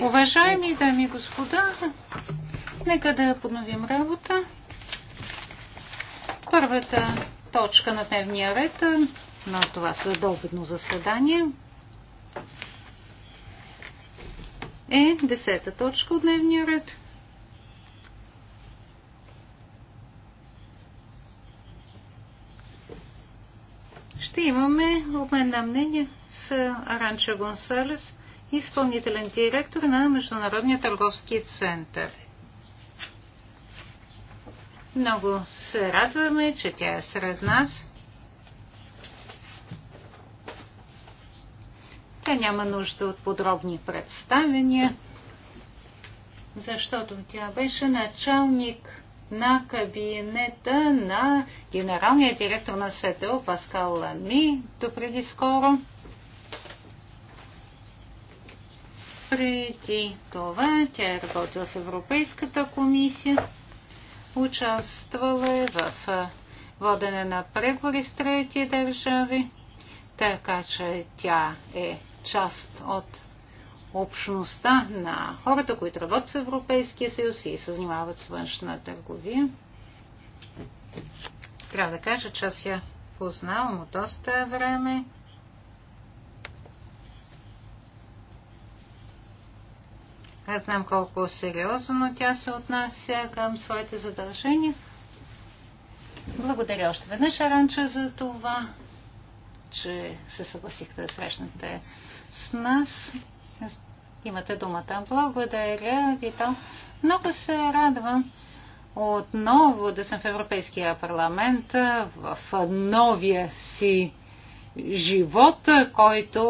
Уважаеми дами и господа, нека да подновим работа. Първата точка на дневния ред на това следобедно заседание е десета точка от дневния ред – обмен на мнение с Аранча Гонсалес, изпълнителен директор на Международния търговски център. Много се радваме, че тя е сред нас. Тя няма нужда от подробни представения, защото тя беше началник на кабинета на генералния директор на СТО Паскал Лами до преди скоро. Преди това тя е работила в Европейската комисия, участвала е в водене на преговори с трети държави, така че тя е част от общността на хората, които работят в Европейския съюз и се занимават с външна търговия. Трябва да кажа, че аз я познавам от доста време. Аз знам колко сериозно тя се отнася към своите задължения. Благодаря още веднъж, Аранча, за това, че се съгласихте да срещнете с нас. Имате думата. Благодаря, Витал. Много се радвам отново да съм в Европейския парламент в новия си живот, който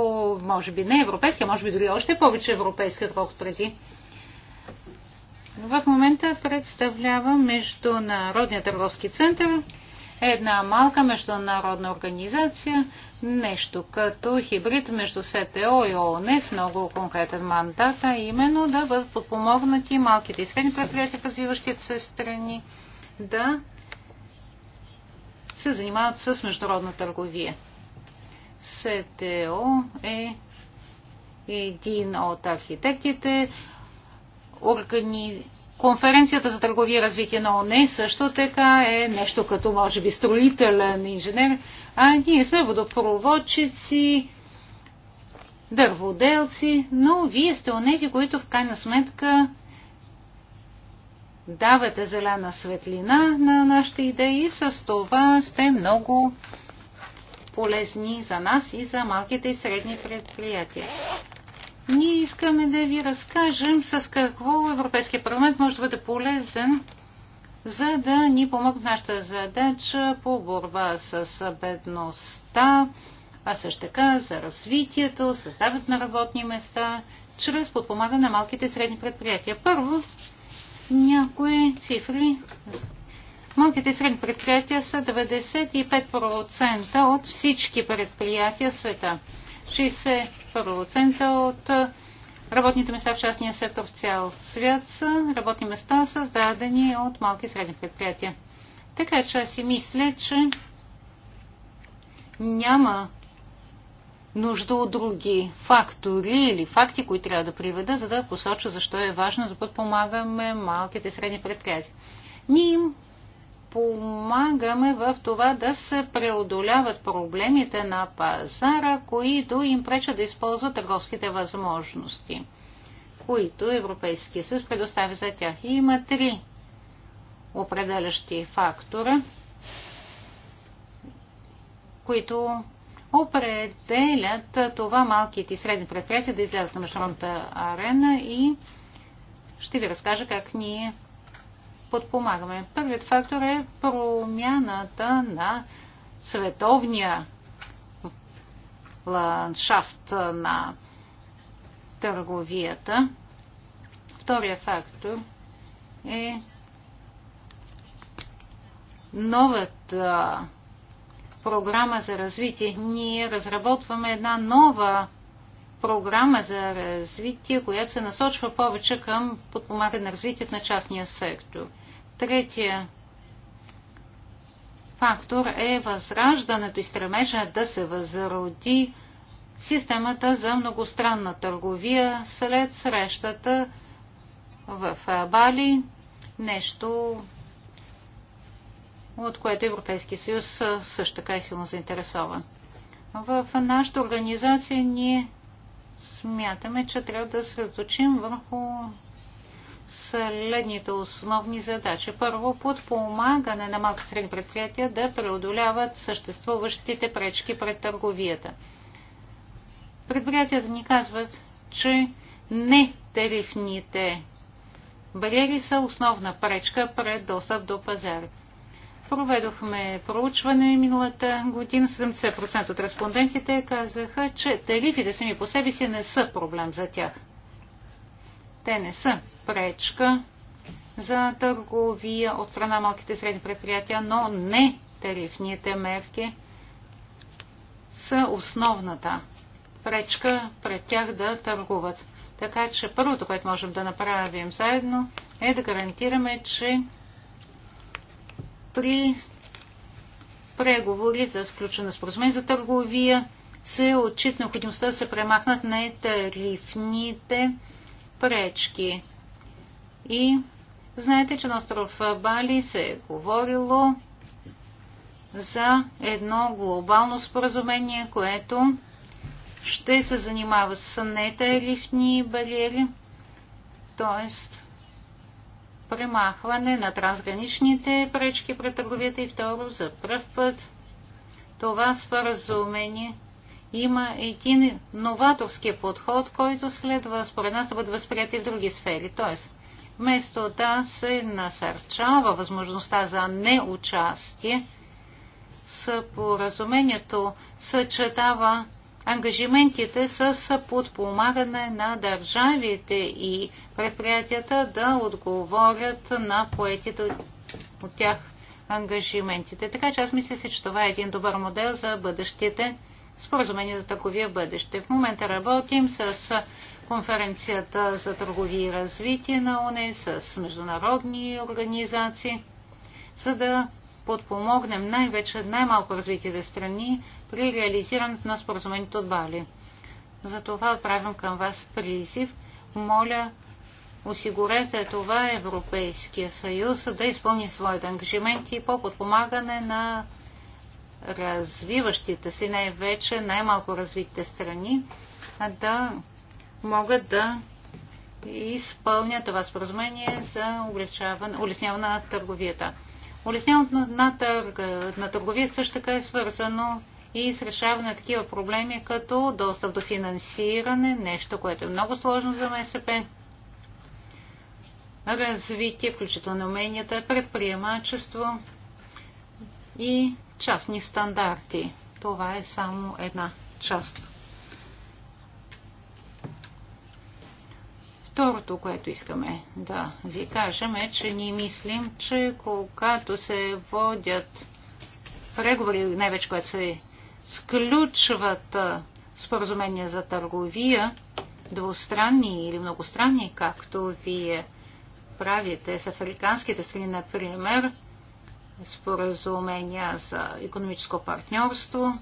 може би не е европейски, а може би дори още повече европейски, отколкото преди. В момента представлява Международния търговски център, една малка международна организация, нещо като хибрид между СТО и ООН с много конкретен мандат, а именно да бъдат подпомогнати малките и средни предприятия в развиващите се страни да се занимават с международна търговия. СТО е един от архитектите. Органи... Конференцията за търговия и развитие на ОНЕ също така е нещо като, може би, строителен инженер а ние сме водопроводчици, дърводелци, но вие сте онези, които в крайна сметка давате зелена светлина на нашите идеи и с това сте много полезни за нас и за малките и средни предприятия. Ние искаме да ви разкажем с какво Европейския парламент може да бъде полезен за да ни помогнат нашата задача по борба с бедността, а също така за развитието, създават на работни места, чрез подпомагане на малките и средни предприятия. Първо, някои цифри. Малките и средни предприятия са 95% от всички предприятия в света. 60% от Работните места в частния сектор в цял свят са работни места, създадени от малки и средни предприятия. Така че аз си мисля, че няма нужда от други фактори или факти, които трябва да приведа, за да посоча защо е важно да подпомагаме малките и средни предприятия. Ние им помагаме в това да се преодоляват проблемите на пазара, които им пречат да използват търговските възможности, които Европейския съюз предоставя за тях. И има три определящи фактора, които определят това малките и средни предприятия да излязат на международната арена и ще ви разкажа как ние подпомагаме. Първият фактор е промяната на световния ландшафт на търговията. Втория фактор е новата програма за развитие. Ние разработваме една нова програма за развитие, която се насочва повече към подпомагане на развитието на частния сектор – Третия фактор е възраждането и стремежа да се възроди системата за многостранна търговия след срещата в Бали, нещо от което Европейския съюз също така е силно заинтересован. В нашата организация ние смятаме, че трябва да средоточим върху следните основни задачи. Първо, подпомагане на малки средни предприятия да преодоляват съществуващите пречки пред търговията. Предприятията ни казват, че не тарифните бариери са основна пречка пред достъп до пазара. Проведохме проучване миналата година. 70% от респондентите казаха, че тарифите сами по себе си не са проблем за тях. Те не са пречка за търговия от страна малките и средни предприятия, но не тарифните мерки са основната пречка пред тях да търгуват. Така че първото, което можем да направим заедно, е да гарантираме, че при преговори за сключване споразумение за търговия се отчит необходимостта да се премахнат нетарифните пречки. И знаете, че на остров Бали се е говорило за едно глобално споразумение, което ще се занимава с нетарифни бариери, т.е. премахване на трансграничните пречки пред търговията и второ, за пръв път това споразумение има един новаторски подход, който следва според нас да бъде възприят и в други сфери. Тоест, вместо да се насърчава възможността за неучастие, споразумението съчетава ангажиментите с подпомагане на държавите и предприятията да отговорят на поетите от тях ангажиментите. Така че аз мисля си, че това е един добър модел за бъдещите споразумения за таковия бъдеще. В момента работим с конференцията за търговия и развитие на ОНЕ с международни организации, за да подпомогнем най-вече най-малко развитите страни при реализирането на споразумението от Бали. Затова отправям към вас призив. Моля, осигурете това Европейския съюз да изпълни своите ангажименти по подпомагане на развиващите си, най-вече най-малко развитите страни, да могат да изпълня това споразумение за улесняване на търговията. Улесняването на, търг, на търговията също така е свързано и с решаване на такива проблеми, като достъп до финансиране, нещо, което е много сложно за МСП, развитие, включително уменията, предприемачество и частни стандарти. Това е само една част Второто, което искаме да ви кажем е, че ние мислим, че когато се водят преговори, най-вече когато се сключват споразумения за търговия, двустранни или многостранни, както вие правите с африканските страни, например, споразумения за економическо партньорство,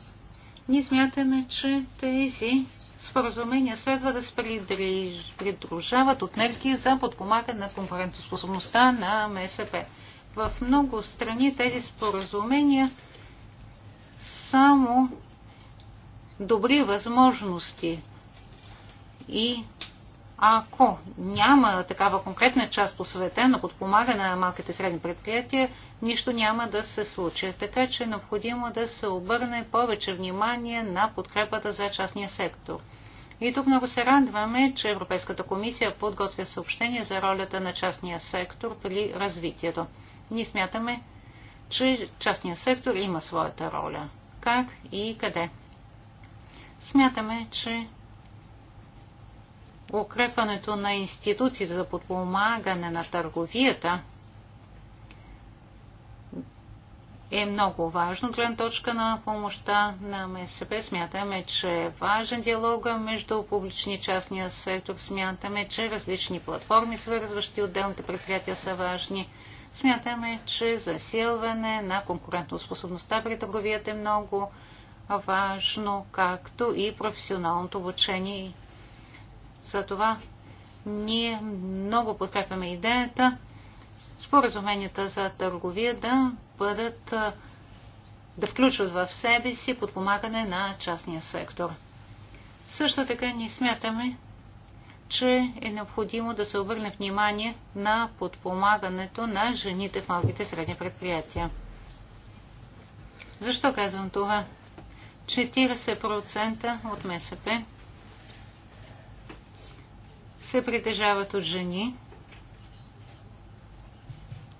ние смятаме, че тези споразумения следва да се придружават от мерки за подпомагане на конкурентоспособността на МСП. В много страни тези споразумения само добри възможности и ако няма такава конкретна част по света на подпомага на малките и средни предприятия, нищо няма да се случи. Така че е необходимо да се обърне повече внимание на подкрепата за частния сектор. И тук много се радваме, че Европейската комисия подготвя съобщение за ролята на частния сектор при развитието. Ние смятаме, че частния сектор има своята роля. Как и къде? Смятаме, че укрепването на институции за подпомагане на търговията е много важно. Глен точка на помощта на МСП смятаме, че е важен диалог между публични и частния сектор. Смятаме, че различни платформи, свързващи отделните предприятия, са важни. Смятаме, че засилване на конкурентоспособността при търговията е много важно, както и професионалното обучение затова ние много подкрепяме идеята споразуменията за търговия да бъдат да включват в себе си подпомагане на частния сектор. Също така ни смятаме, че е необходимо да се обърне внимание на подпомагането на жените в малките и средни предприятия. Защо казвам това? 40% от МСП се притежават от жени.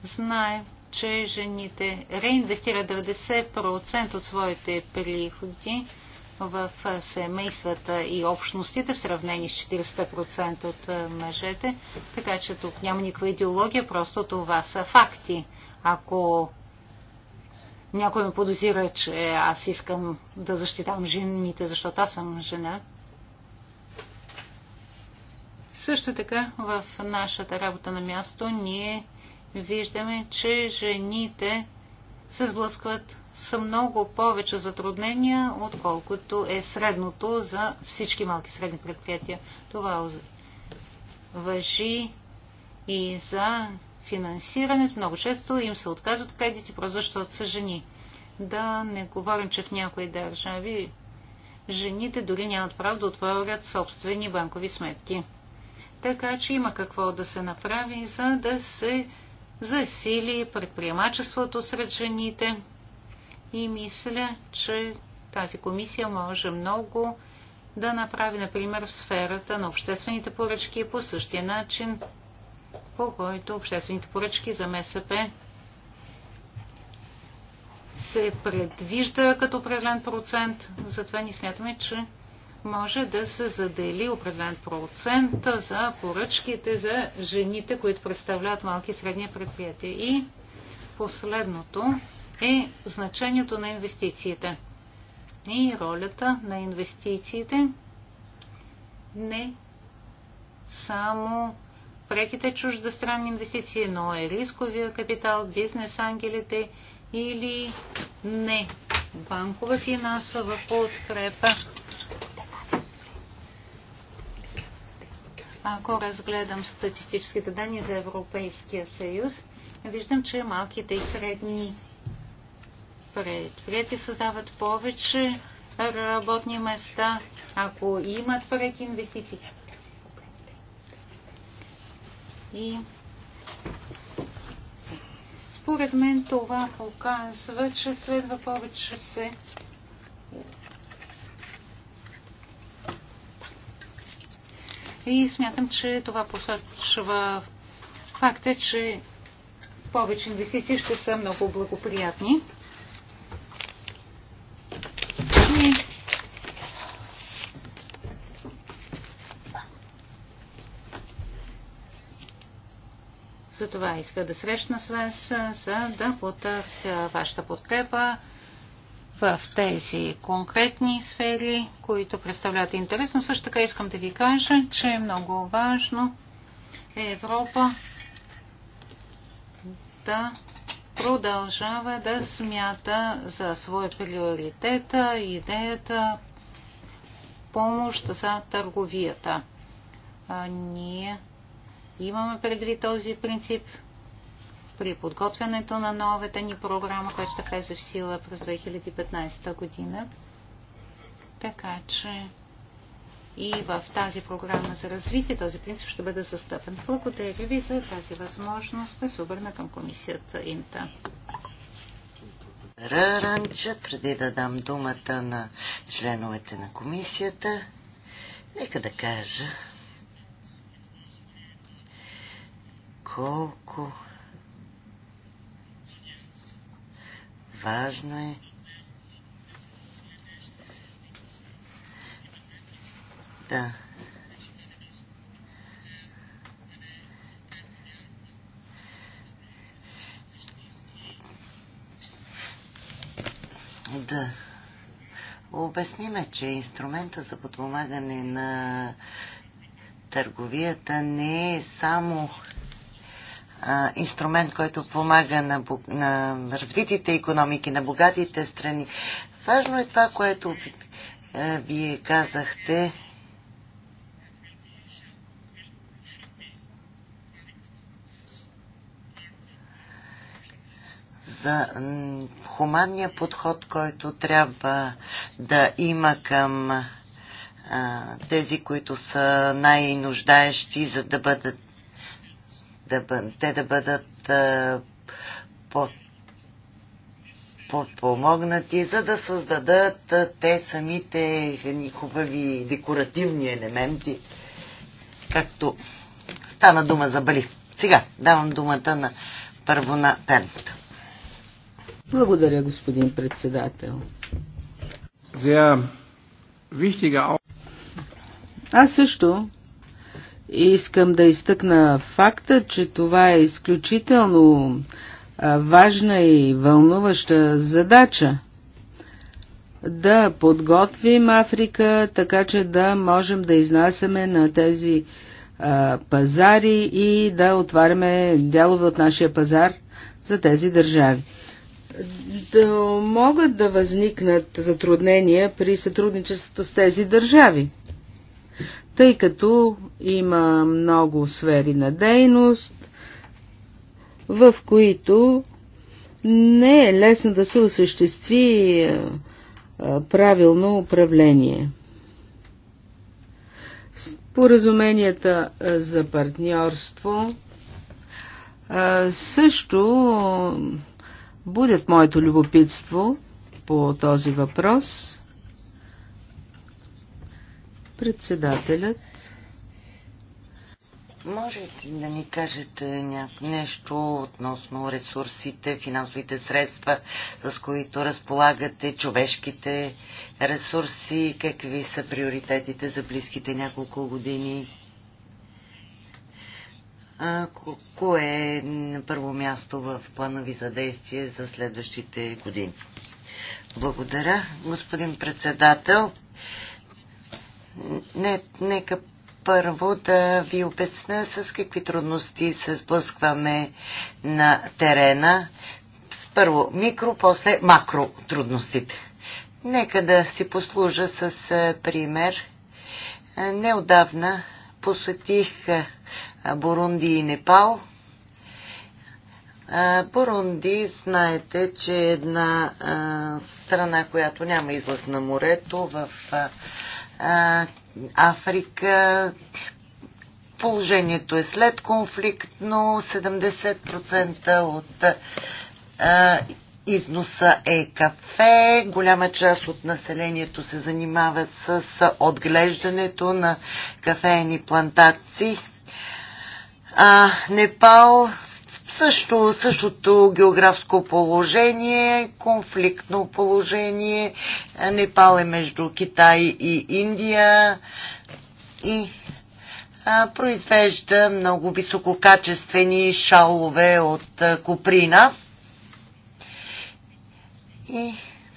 Знаем, че жените реинвестират 90% от своите приходи в семействата и общностите в сравнение с 40% от мъжете. Така че тук няма никаква идеология, просто това са факти. Ако някой ме подозира, че аз искам да защитам жените, защото аз съм жена, също така в нашата работа на място ние виждаме, че жените се сблъскват с много повече затруднения, отколкото е средното за всички малки средни предприятия. Това въжи и за финансирането. Много често им се отказват кредити, просто защото са жени. Да не говорим, че в някои държави жените дори нямат право да отворят собствени банкови сметки. Така че има какво да се направи, за да се засили предприемачеството сред жените. И мисля, че тази комисия може много да направи, например, в сферата на обществените поръчки по същия начин, по който обществените поръчки за МСП се предвижда като определен процент. Затова ни смятаме, че може да се задели определен процент за поръчките за жените, които представляват малки и средни предприятия. И последното е значението на инвестициите и ролята на инвестициите не само преките чуждестранни инвестиции, но и рисковия капитал, бизнес ангелите или не банкова финансова подкрепа Ако разгледам статистическите данни за Европейския съюз, виждам, че малките и средни предприятия създават повече работни места, ако имат преки инвестиции. И според мен това показва, че следва повече се И смятам, че това посочва факта, че повече инвестиции ще са много благоприятни. Затова иска да срещна с вас, за да потърся вашата подкрепа в тези конкретни сфери, които представляват интерес. Но също така искам да ви кажа, че е много важно Европа да продължава да смята за своя приоритет идеята помощ за търговията. А ние имаме предвид този принцип при подготвянето на новата ни програма, която ще влезе в сила през 2015 година. Така че и в тази програма за развитие този принцип ще бъде застъпен. Благодаря ви за тази възможност да се обърна към комисията Инта. Раранча, преди да дам думата на членовете на комисията, нека да кажа колко важно е да да обясниме, че инструмента за подпомагане на търговията не е само инструмент, който помага на, на развитите економики, на богатите страни. Важно е това, което е, вие казахте. за хуманния подход, който трябва да има към тези, които са най-нуждаещи, за да бъдат да, бъ... те да бъдат а, подпомогнати, за да създадат те самите хубави декоративни елементи, както стана дума за Бали. Сега давам думата на първо на Пернта. Благодаря, господин председател. Аз също Искам да изтъкна факта, че това е изключително важна и вълнуваща задача да подготвим Африка, така че да можем да изнасяме на тези а, пазари и да отваряме дялове от нашия пазар за тези държави. Да могат да възникнат затруднения при сътрудничеството с тези държави тъй като има много сфери на дейност, в които не е лесно да се осъществи е, е, правилно управление. Споразуменията е, за партньорство също будят моето любопитство по този въпрос. Председателят. Може ли да ни кажете нещо относно ресурсите, финансовите средства, с които разполагате, човешките ресурси, какви са приоритетите за близките няколко години? кое е на първо място в плана ви за действие за следващите години? Благодаря, господин председател не, нека първо да ви обясня с какви трудности се сблъскваме на терена. С първо микро, после макро трудностите. Нека да си послужа с е, пример. Е, неодавна посетих е, Бурунди и Непал. Бурунди, знаете, че е една страна, която няма излъз на морето в Африка. Положението е след конфликтно. 70% от износа е кафе. Голяма част от населението се занимава с отглеждането на кафеени плантации. А, Непал също, същото географско положение, конфликтно положение. Непал е между Китай и Индия и а, произвежда много висококачествени шалове от а, куприна. И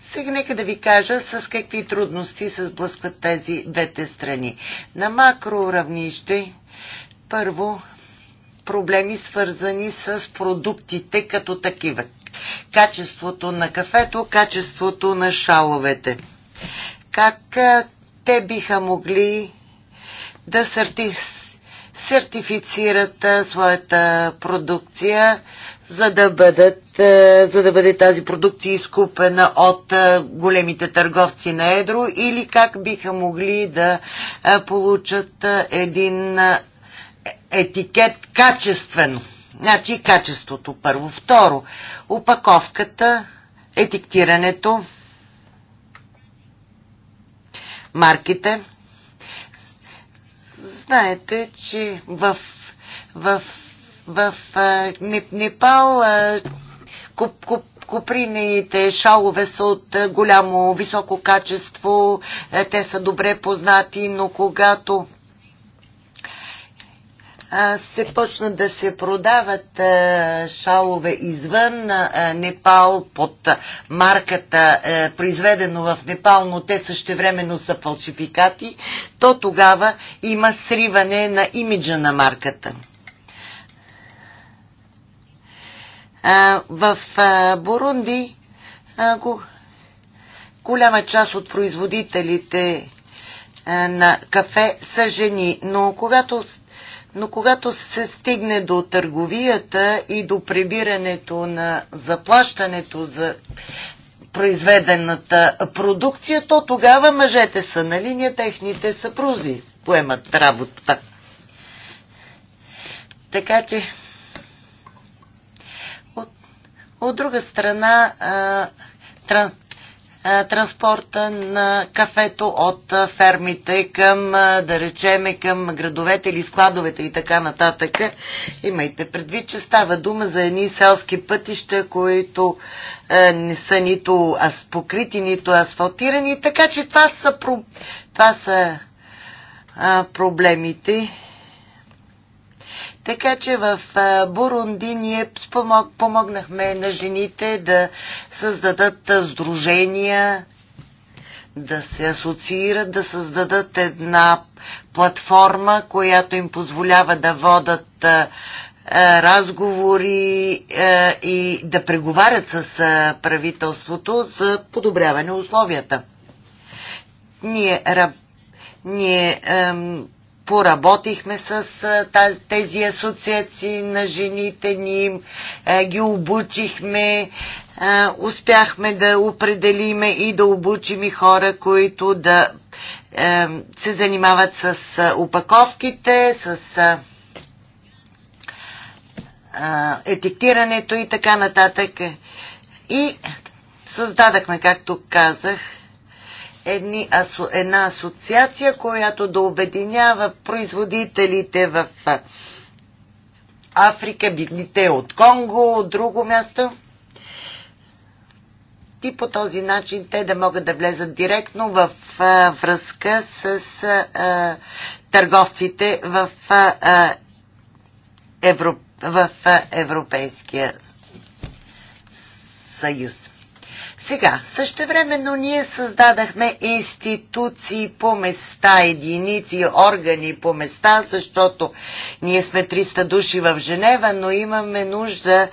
сега нека да ви кажа с какви трудности се сблъскват тези двете страни. На макро равнище първо проблеми, свързани с продуктите като такива. Качеството на кафето, качеството на шаловете. Как те биха могли да сертифицират своята продукция, за да, бъдат, за да бъде тази продукция изкупена от големите търговци на Едро или как биха могли да получат един етикет качествено. Значи качеството първо. Второ, упаковката, етиктирането, марките. Знаете, че в, в, в, в Непал куп, куп, куприните шалове са от голямо високо качество, е, те са добре познати, но когато се почна да се продават шалове извън Непал под марката произведено в Непал, но те същевременно са фалшификати, то тогава има сриване на имиджа на марката. В Бурунди голяма част от производителите на кафе са жени, но когато но когато се стигне до търговията и до прибирането на заплащането за произведената продукция, то тогава мъжете са на линия, техните съпрузи поемат работата. Така че, от, от друга страна, а, транс, е, транспорта на кафето от е, фермите към, е, да речеме, към градовете или складовете и така нататък. Имайте предвид, че става дума за едни селски пътища, които не са нито покрити, нито асфалтирани, така че това са, това са проблемите така че в Бурунди ние спомог, помогнахме на жените да създадат сдружения, да се асоциират, да създадат една платформа, която им позволява да водат разговори и да преговарят с правителството за подобряване условията. Ние, ние поработихме с тези асоциации на жените, ни, ги обучихме, успяхме да определиме и да обучим и хора, които да се занимават с упаковките, с етиктирането и така нататък. И създадахме, както казах, едни, асо, една асоциация, която да обединява производителите в Африка, бигните от Конго, от друго място. И по този начин те да могат да влезат директно в а, връзка с а, търговците в, а, Европ... в Европейския съюз. Сега, същевременно ние създадахме институции по места, единици, органи по места, защото ние сме 300 души в Женева, но имаме нужда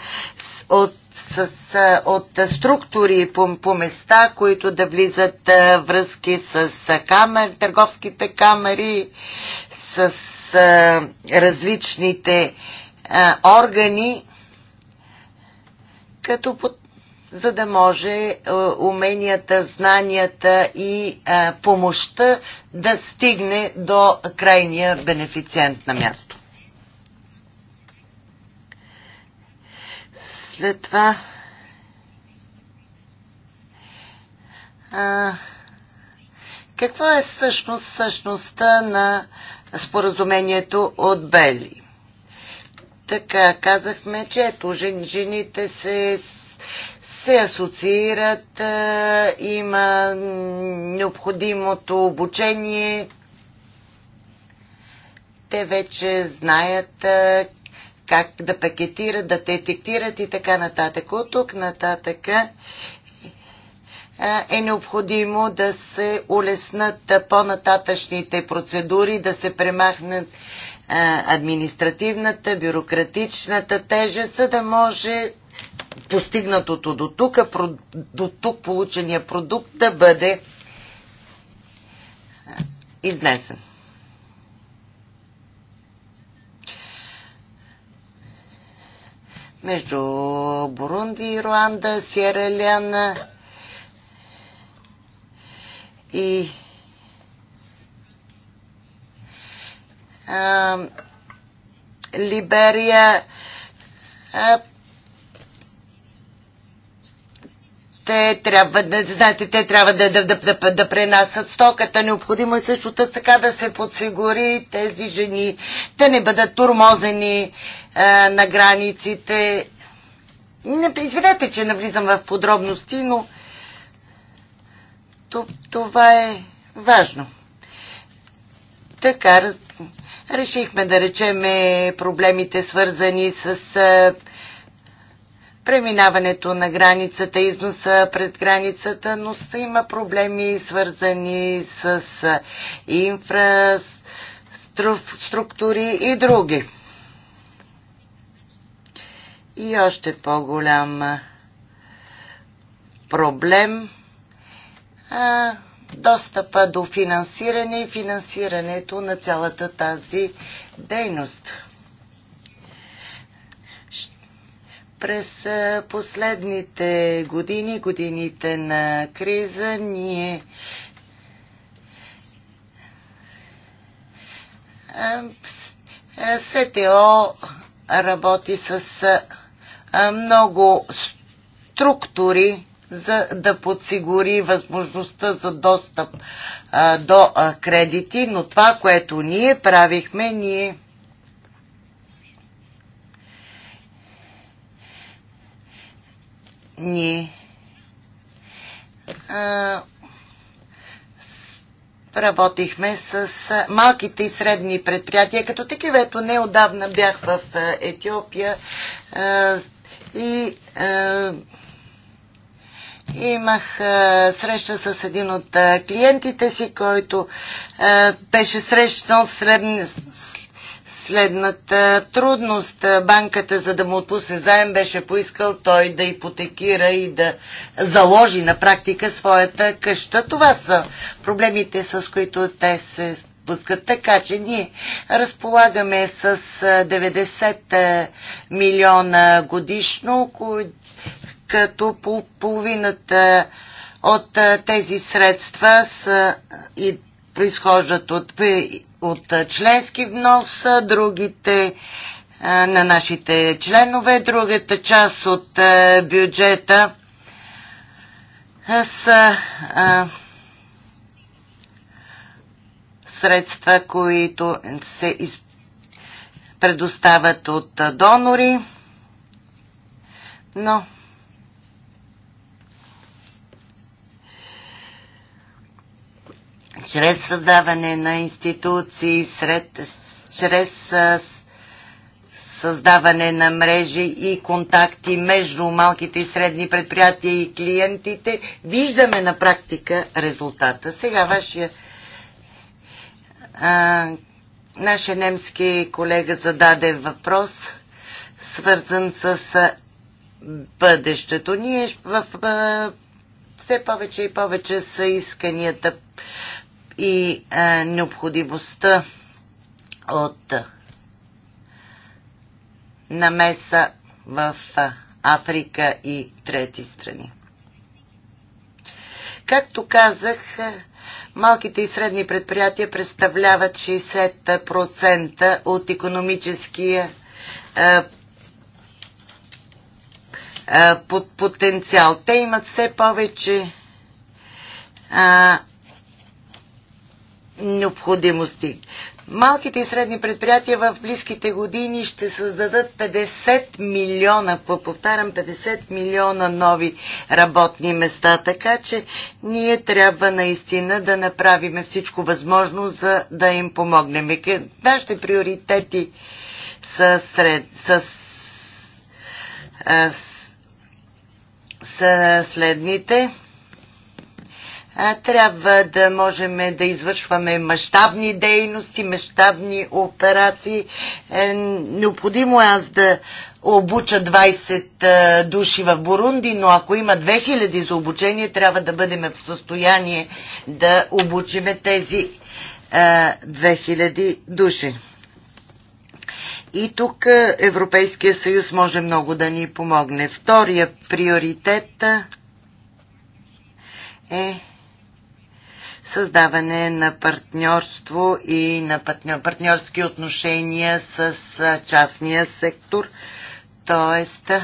от с, с, от структури по, по места, които да влизат а, връзки с а, камер, търговските камери, с а, различните а, органи, като под за да може е, уменията, знанията и е, помощта да стигне до крайния бенефициент на място. След това а, каква е всъщност същността на споразумението от Бели? Така, казахме, че ето, жените се се асоциират, има необходимото обучение. Те вече знаят как да пакетират, да детектират и така нататък. От тук нататък е необходимо да се улеснат по-нататъчните процедури, да се премахнат административната, бюрократичната тежест, за да може постигнатото до тук, до тук получения продукт да бъде изнесен. Между Бурунди, Руанда, Сиера Леана и а, Либерия а, те трябва да, знаете, те трябва да, да, да, да, да пренасят стоката. Необходимо е също така да се подсигури тези жени, да не бъдат турмозени а, на границите. Не, извинете, че навлизам в подробности, но това е важно. Така, решихме да речеме проблемите свързани с а, преминаването на границата, износа пред границата, но има проблеми свързани с инфраструктури и други. И още по-голям проблем а, достъпа до финансиране и финансирането на цялата тази дейност. През последните години, годините на криза, ние СТО работи с много структури, за да подсигури възможността за достъп до кредити, но това, което ние правихме, ние ние а, работихме с малките и средни предприятия, като такива. Ето неодавна бях в Етиопия а, и а, имах а, среща с един от а, клиентите си, който а, беше срещнал средни, следната трудност. Банката, за да му отпусне заем, беше поискал той да ипотекира и да заложи на практика своята къща. Това са проблемите, с които те се спускат. Така че ние разполагаме с 90 милиона годишно, като половината от тези средства са и произхождат от, от членски внос, другите на нашите членове, другата част от бюджета са средства, които се предоставят от донори, но чрез създаване на институции, сред, чрез създаване на мрежи и контакти между малките и средни предприятия и клиентите, виждаме на практика резултата. Сега вашия а, нашия немски колега зададе въпрос, свързан с бъдещето. Ние в, в, все повече и повече са исканията и а, е, необходимостта от намеса в Африка и трети страни. Както казах, малките и средни предприятия представляват 60% от економическия е, е, потенциал. Те имат все повече необходимости. Малките и средни предприятия в близките години ще създадат 50 милиона, повтарям 50 милиона нови работни места, така че ние трябва наистина да направим всичко възможно, за да им помогнем. Нашите приоритети са, сред, са, са следните трябва да можем да извършваме мащабни дейности, мащабни операции. Е, необходимо е аз да обуча 20 е, души в Бурунди, но ако има 2000 за обучение, трябва да бъдем в състояние да обучиме тези 2000 е, души. И тук Европейския съюз може много да ни помогне. Втория приоритет е създаване на партньорство и на партньорски отношения с частния сектор, т.е.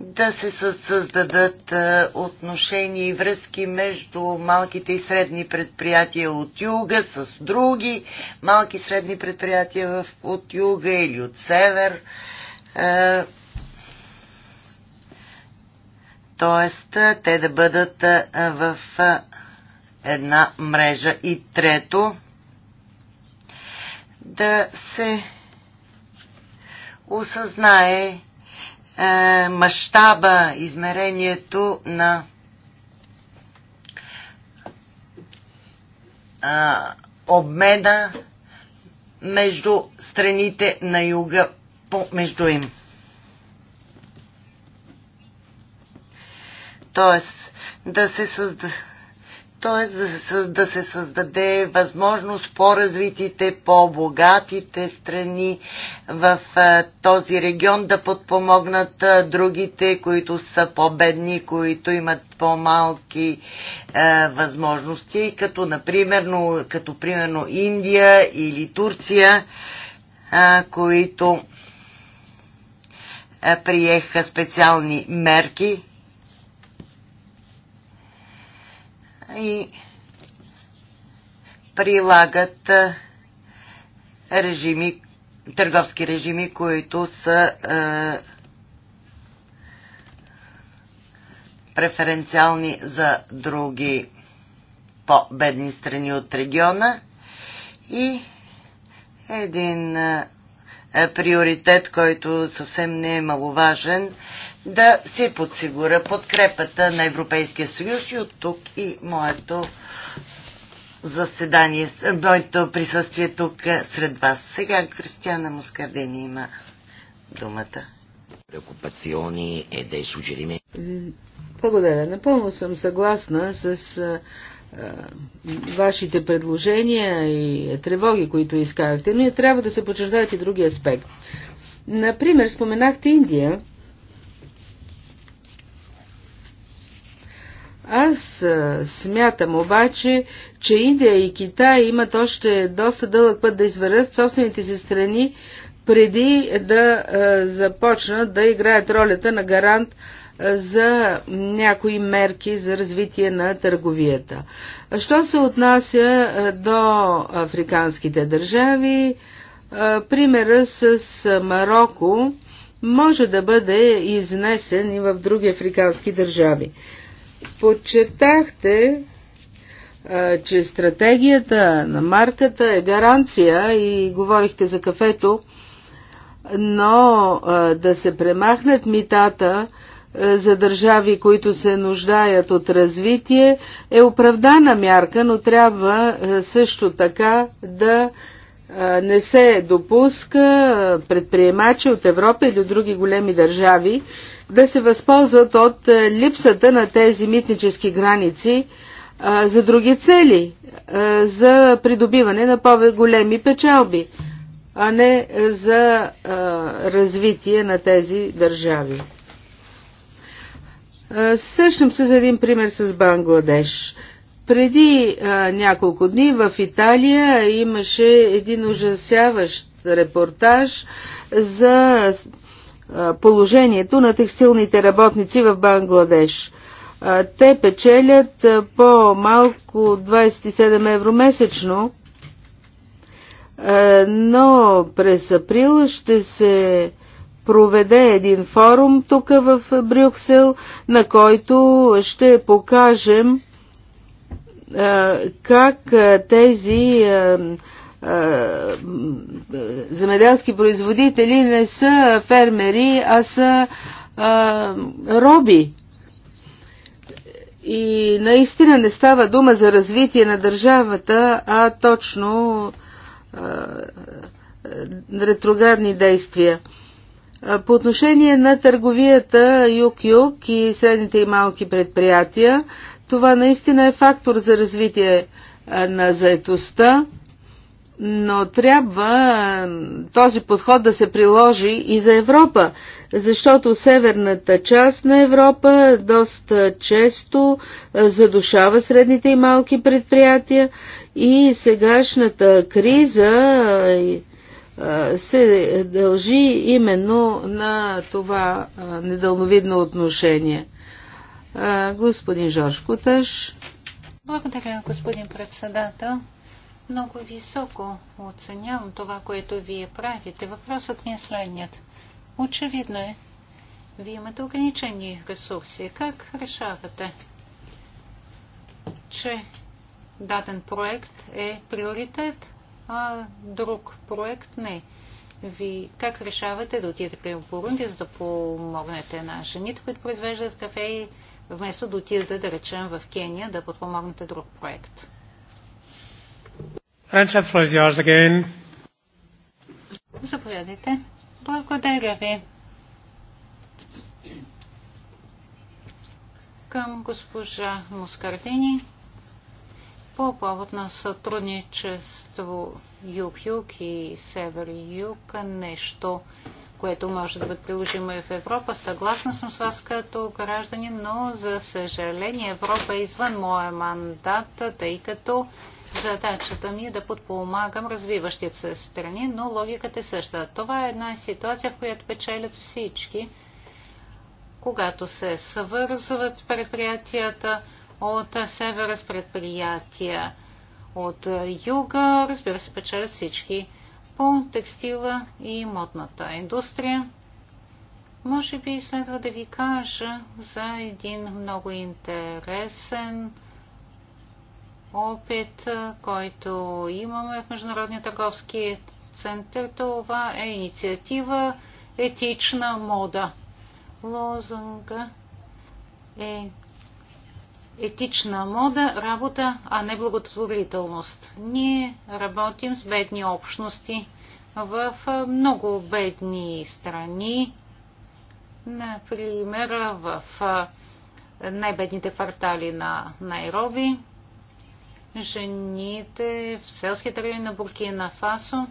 да се създадат отношения и връзки между малките и средни предприятия от юга с други малки и средни предприятия от юга или от север. Тоест, те да бъдат в една мрежа. И трето, да се осъзнае е, мащаба, измерението на е, обмена между страните на юга помежду им. Тоест, да се създаде т.е. да, да се създаде възможност по-развитите, по-богатите страни в този регион да подпомогнат другите, които са по-бедни, които имат по-малки възможности, като, например, като примерно Индия или Турция, които приеха специални мерки и прилагат режими, търговски режими, които са е, преференциални за други по-бедни страни от региона и един е, приоритет, който съвсем не е маловажен да се подсигура подкрепата на Европейския съюз и от тук и моето заседание, моето присъствие тук е, сред вас. Сега Кристиана Москардени има думата. Preoccupazioni e dei suggerimenti. Е, благодаря. Напълно съм съгласна с а, е, а, вашите предложения и тревоги, които изказахте, но и трябва да се подчертаят и други аспекти. Например, споменахте Индия Аз а, смятам обаче, че Индия и Китай имат още доста дълъг път да изверят собствените си страни, преди да а, започнат да играят ролята на гарант за някои мерки за развитие на търговията. Що се отнася до африканските държави, примера с Марокко може да бъде изнесен и в други африкански държави подчертахте, че стратегията на марката е гаранция и говорихте за кафето, но да се премахнат митата за държави, които се нуждаят от развитие, е оправдана мярка, но трябва също така да не се допуска предприемачи от Европа или от други големи държави да се възползват от е, липсата на тези митнически граници а, е, за други цели, а, е, за придобиване на по-големи печалби, а не за а, развитие на тези държави. Същам се за един пример с Бангладеш. Преди а, няколко дни в Италия имаше един ужасяващ репортаж за положението на текстилните работници в Бангладеш. Те печелят по-малко 27 евро месечно, но през април ще се проведе един форум тук в Брюксел, на който ще покажем как тези е, земеделски производители не са фермери, а са а, роби. И наистина не става дума за развитие на държавата, а точно а, е, ретроградни действия. По отношение на търговията юг-юг и средните и малки предприятия, това наистина е фактор за развитие на заетостта но трябва този подход да се приложи и за Европа, защото северната част на Европа доста често задушава средните и малки предприятия и сегашната криза се дължи именно на това недълновидно отношение. Господин Жорж Куташ. Благодаря, господин председател. Много високо оценявам това, което вие правите. Въпросът ми е следният. Очевидно е, вие имате ограничени ресурси. Как решавате, че даден проект е приоритет, а друг проект не? Ви как решавате да отидете при Бурунди, за да помогнете на жените, които произвеждат кафе, вместо да отидете, да речем, в Кения, да подпомогнете друг проект? Франчет, floor is yours again. Заповядайте. Благодаря ви. Към госпожа Мускардини по повод на сътрудничество Юг-Юг и Север-Юг нещо, което може да бъде приложимо и в Европа. Съгласна съм с вас като гражданин, но за съжаление Европа е извън моя мандат, тъй като Задачата ми е да подпомагам развиващите се страни, но логиката е същата. Това е една ситуация, в която печелят всички, когато се съвързват предприятията от севера с предприятия от юга, разбира се, печелят всички по текстила и модната индустрия. Може би следва да ви кажа за един много интересен опит, който имаме в Международния търговски център. Това е инициатива етична мода. Лозунга е етична мода, работа, а не благотворителност. Ние работим с бедни общности в много бедни страни, например в най-бедните квартали на Найроби жените в селските райони на Буркина Фасо.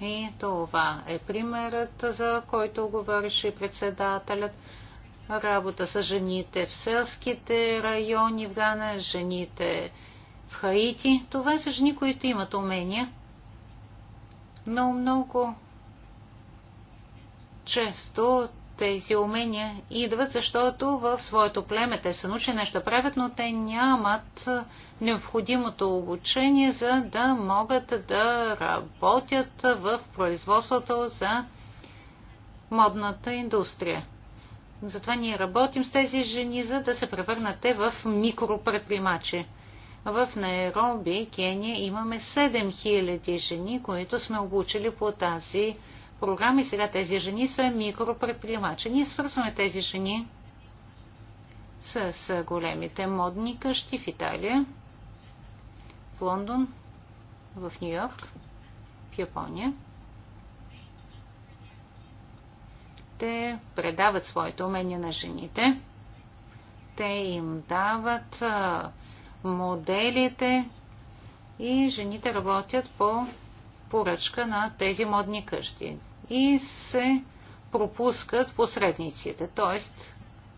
И това е примерът, за който говореше председателят. Работа с жените в селските райони в Гана, жените в Хаити. Това са жени, които имат умения, но много често тези умения идват, защото в своето племе те са научени нещо правят, но те нямат необходимото обучение, за да могат да работят в производството за модната индустрия. Затова ние работим с тези жени, за да се превърнат те в микропредприемачи. В Найроби, Кения, имаме 7000 жени, които сме обучили по тази програми. Сега тези жени са микропредприемачи. Ние свързваме тези жени с големите модни къщи в Италия, в Лондон, в Нью Йорк, в Япония. Те предават своите умения на жените. Те им дават моделите и жените работят по поръчка на тези модни къщи и се пропускат посредниците, т.е.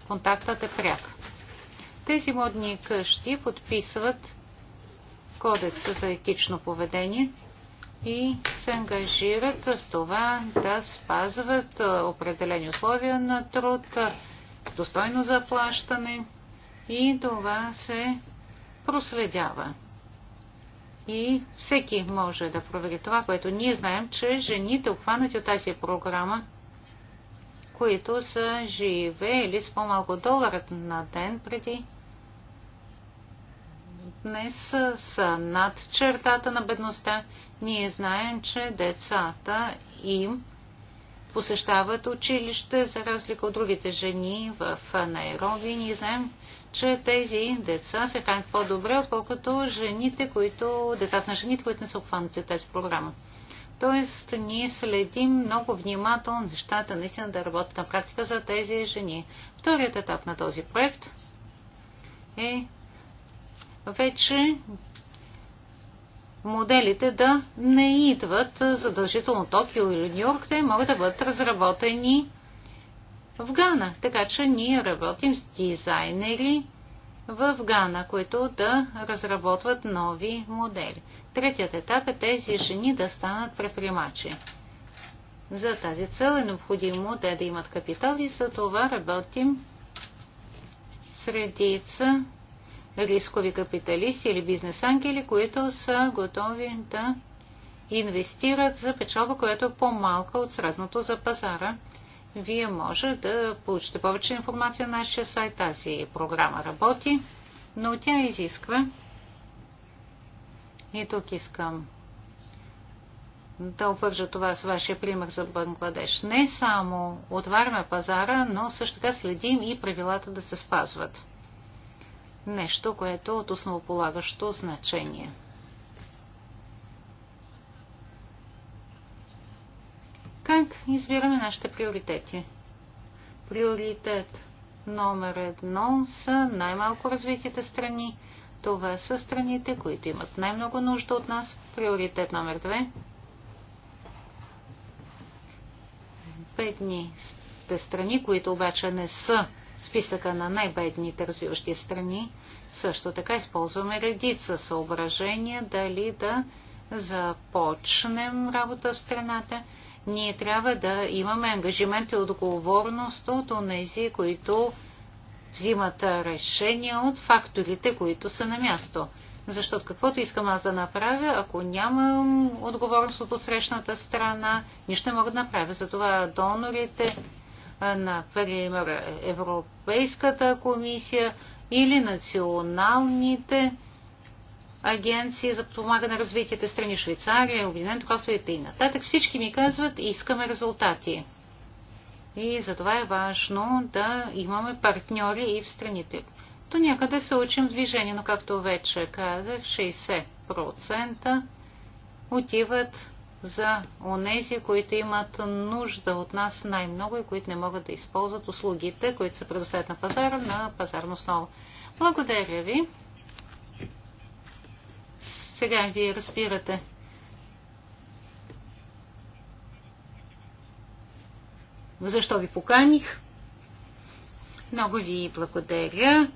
контактът е пряк. Тези модни къщи подписват кодекса за етично поведение и се ангажират с това да спазват определени условия на труд, достойно заплащане и това се проследява и всеки може да провери това, което ние знаем, че жените обхванати от тази програма, които са живеели с по-малко доларът на ден преди, днес са над чертата на бедността. Ние знаем, че децата им посещават училище, за разлика от другите жени в Найроби. Ние знаем, че тези деца се хранят по-добре, отколкото жените, които, децата на жените, които не са обхванати от тази програма. Тоест, ние следим много внимателно нещата, наистина да работят на практика за тези жени. Вторият етап на този проект е вече моделите да не идват задължително Токио или Нью Йорк, те могат да бъдат разработени в Гана. Така че ние работим с дизайнери в Гана, които да разработват нови модели. Третият етап е тези жени да станат предприемачи. За тази цел е необходимо те да имат капитал и за това работим с редица рискови капиталисти или бизнес ангели, които са готови да инвестират за печалба, която е по-малка от средното за пазара вие може да получите повече информация на нашия сайт. Тази програма работи, но тя изисква. И тук искам да обвържа това с вашия пример за Бангладеш. Не само отваряме пазара, но също така следим и правилата да се спазват. Нещо, което е от основополагащо значение. момент избираме нашите приоритети? Приоритет номер едно са най-малко развитите страни. Това са страните, които имат най-много нужда от нас. Приоритет номер две. Бедните страни, които обаче не са списъка на най-бедните развиващи страни, също така използваме редица съображения дали да започнем работа в страната ние трябва да имаме ангажимент и отговорност от тези, които взимат решения от факторите, които са на място. Защото каквото искам аз да направя, ако нямам отговорност от срещната страна, нищо не мога да направя. Затова донорите, например, Европейската комисия или националните агенции за подпомагане на развитието страни Швейцария, Обединеното кралство и нататък. Всички ми казват, искаме резултати. И затова е важно да имаме партньори и в страните. То някъде се учим движение, но както вече казах, 60% отиват за онези, които имат нужда от нас най-много и които не могат да използват услугите, които се предоставят на пазара, на пазарна основа. Благодаря ви. Сега вие разбирате. Защо ви поканих? Много ви благодаря.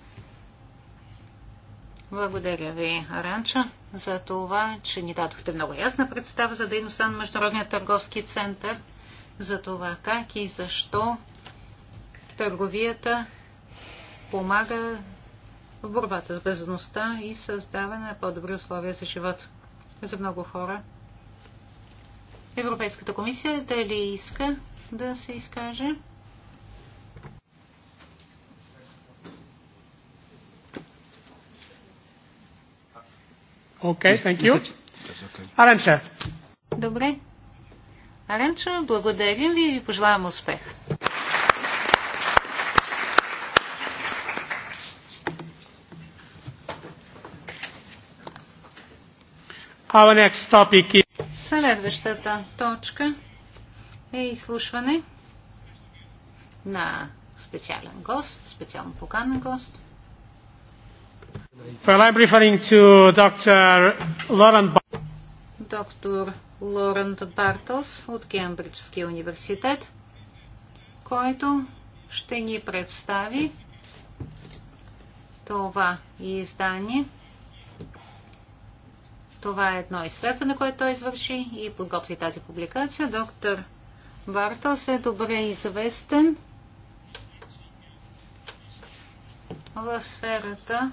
Благодаря ви, Аранча, за това, че ни дадохте много ясна представа за дейността на Международния търговски център, за това как и защо търговията помага в борбата с бездността и създаване на по-добри условия за живот за много хора. Европейската комисия дали иска да се изкаже? Окей, okay, thank you. Аренче. Добре. Аренче, благодарим ви и ви пожелавам успех. Our next topic is... Следващата точка е изслушване на специален гост, специално поканен гост. Well, I'm referring to Dr. Laurent Доктор Лорент Бартос от Кембриджския университет, който ще ни представи това издание – това е едно изследване, което той извърши и подготви тази публикация. Доктор Бартос е добре известен в сферата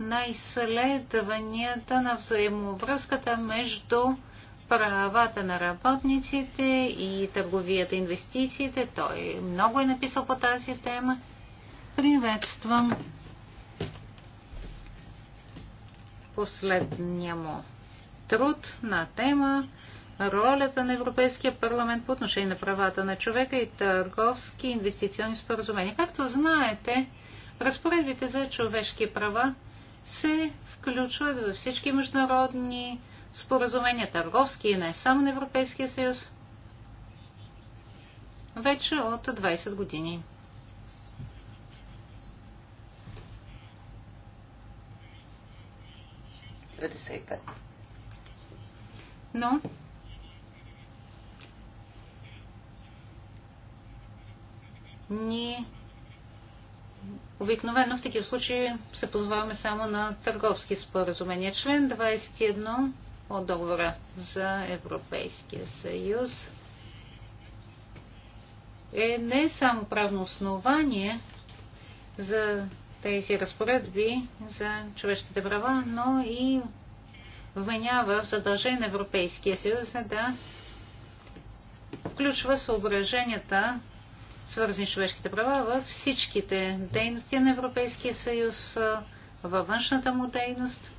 на изследванията на взаимовръзката между правата на работниците и търговията, инвестициите. Той много е написал по тази тема. Приветствам последния му труд на тема ролята на Европейския парламент по отношение на правата на човека и търговски инвестиционни споразумения. Както знаете, разпоредбите за човешки права се включват във всички международни споразумения, търговски и не само на Европейския съюз, вече от 20 години. 55. Но ние обикновено в такива случаи се позваваме само на търговски споразумения. Член 21 от договора за Европейския съюз е не само правно основание за тези разпоредби за човешките права, но и вменява в задължение на Европейския съюз да включва съображенията, свързани с човешките права, във всичките дейности на Европейския съюз, във външната му дейност,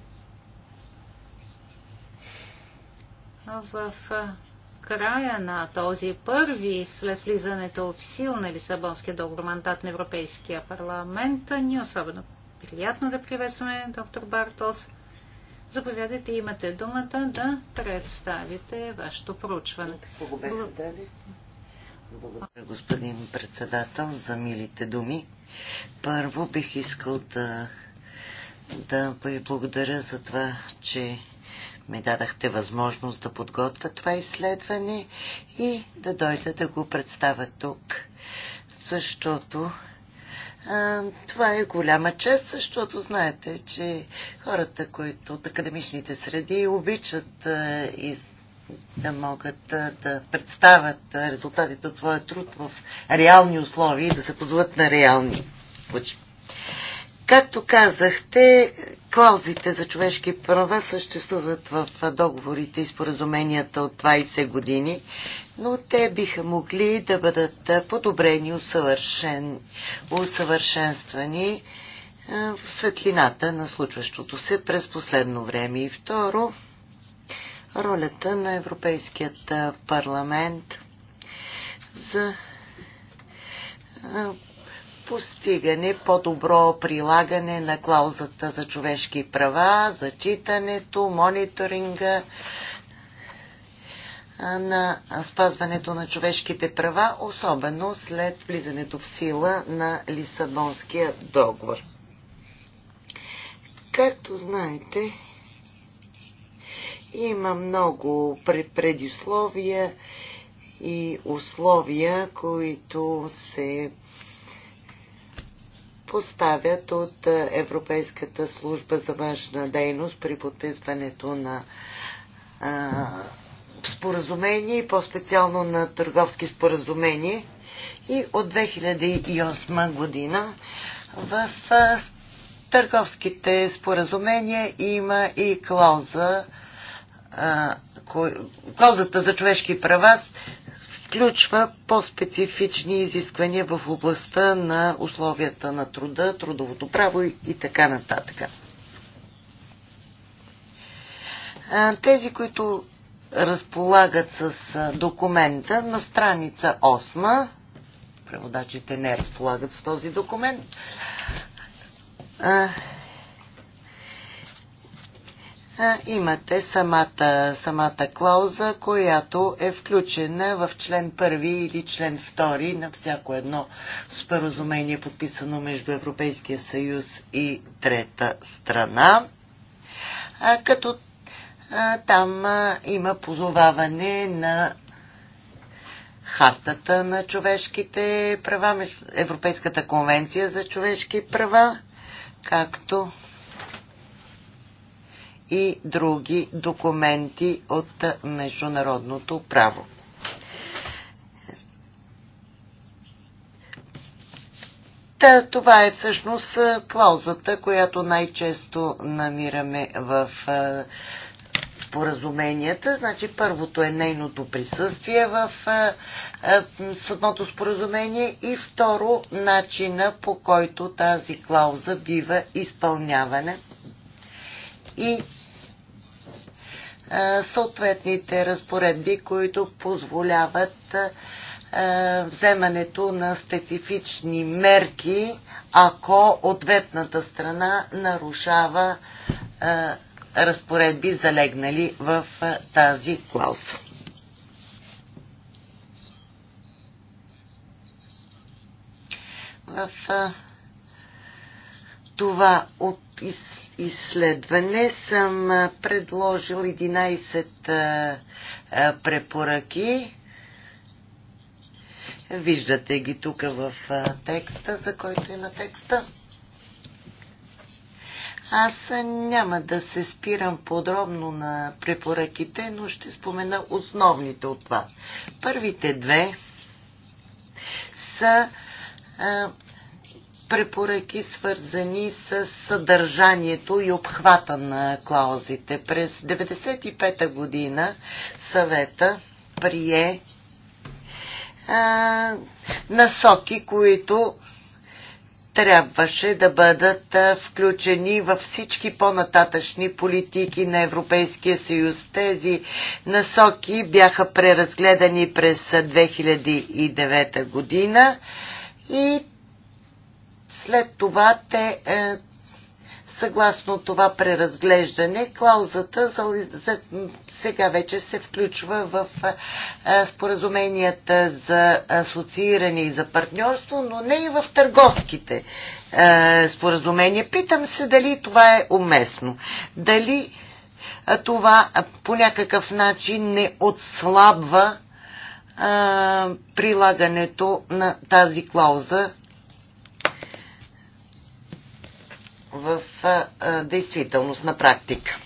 в края на този първи след влизането в сил на Лисабонския договор мандат на Европейския парламент. Ни е особено приятно да приветстваме доктор Бартос. Заповядайте, имате думата да представите вашето проучване. Благодаря, Благодаря, господин председател, за милите думи. Първо бих искал да, да ви благодаря за това, че ми дадахте възможност да подготвя това изследване и да дойда да го представя тук. Защото а, това е голяма чест, защото знаете, че хората, които от академичните среди обичат а, и да могат а, да представят резултатите от твоя труд в реални условия и да се позоват на реални случаи. Както казахте, клаузите за човешки права съществуват в договорите и споразуменията от 20 години, но те биха могли да бъдат подобрени, усъвършен, усъвършенствани е, в светлината на случващото се през последно време. И второ, ролята на Европейският парламент за е, постигане по-добро прилагане на клаузата за човешки права, зачитането, мониторинга на спазването на човешките права, особено след влизането в сила на Лисабонския договор. Както знаете, има много предпредисловия и условия, които се поставят от е, Европейската служба за външна дейност при подписването на а, споразумение и по-специално на търговски споразумения. И от 2008 година в а, търговските споразумения има и клауза, а, кой, клаузата за човешки права включва по-специфични изисквания в областта на условията на труда, трудовото право и така нататък. Тези, които разполагат с документа на страница 8, преводачите не разполагат с този документ, имате самата, самата клауза, която е включена в член 1 или член 2 на всяко едно споразумение, подписано между Европейския съюз и трета страна. А, като а, там а, има позоваване на Хартата на човешките права, Европейската конвенция за човешки права, както и други документи от международното право. Та, това е всъщност клаузата, която най-често намираме в споразуменията. Значи първото е нейното присъствие в самото споразумение и второ начина по който тази клауза бива изпълнявана. И е, съответните разпоредби, които позволяват е, вземането на специфични мерки, ако ответната страна нарушава е, разпоредби, залегнали в тази клауза. В това от из изследване съм предложил 11 препоръки. Виждате ги тук в текста, за който има текста. Аз няма да се спирам подробно на препоръките, но ще спомена основните от това. Първите две са препоръки, свързани с съдържанието и обхвата на клаузите. През 1995 година съвета прие а, насоки, които трябваше да бъдат включени във всички по-нататъчни политики на Европейския съюз. Тези насоки бяха преразгледани през 2009 година и след това те, е, съгласно това преразглеждане, клаузата за, за, сега вече се включва в е, споразуменията за асоцииране и за партньорство, но не и в търговските е, споразумения. Питам се дали това е уместно. Дали е, това по някакъв начин не отслабва е, прилагането на тази клауза в действителност на практика.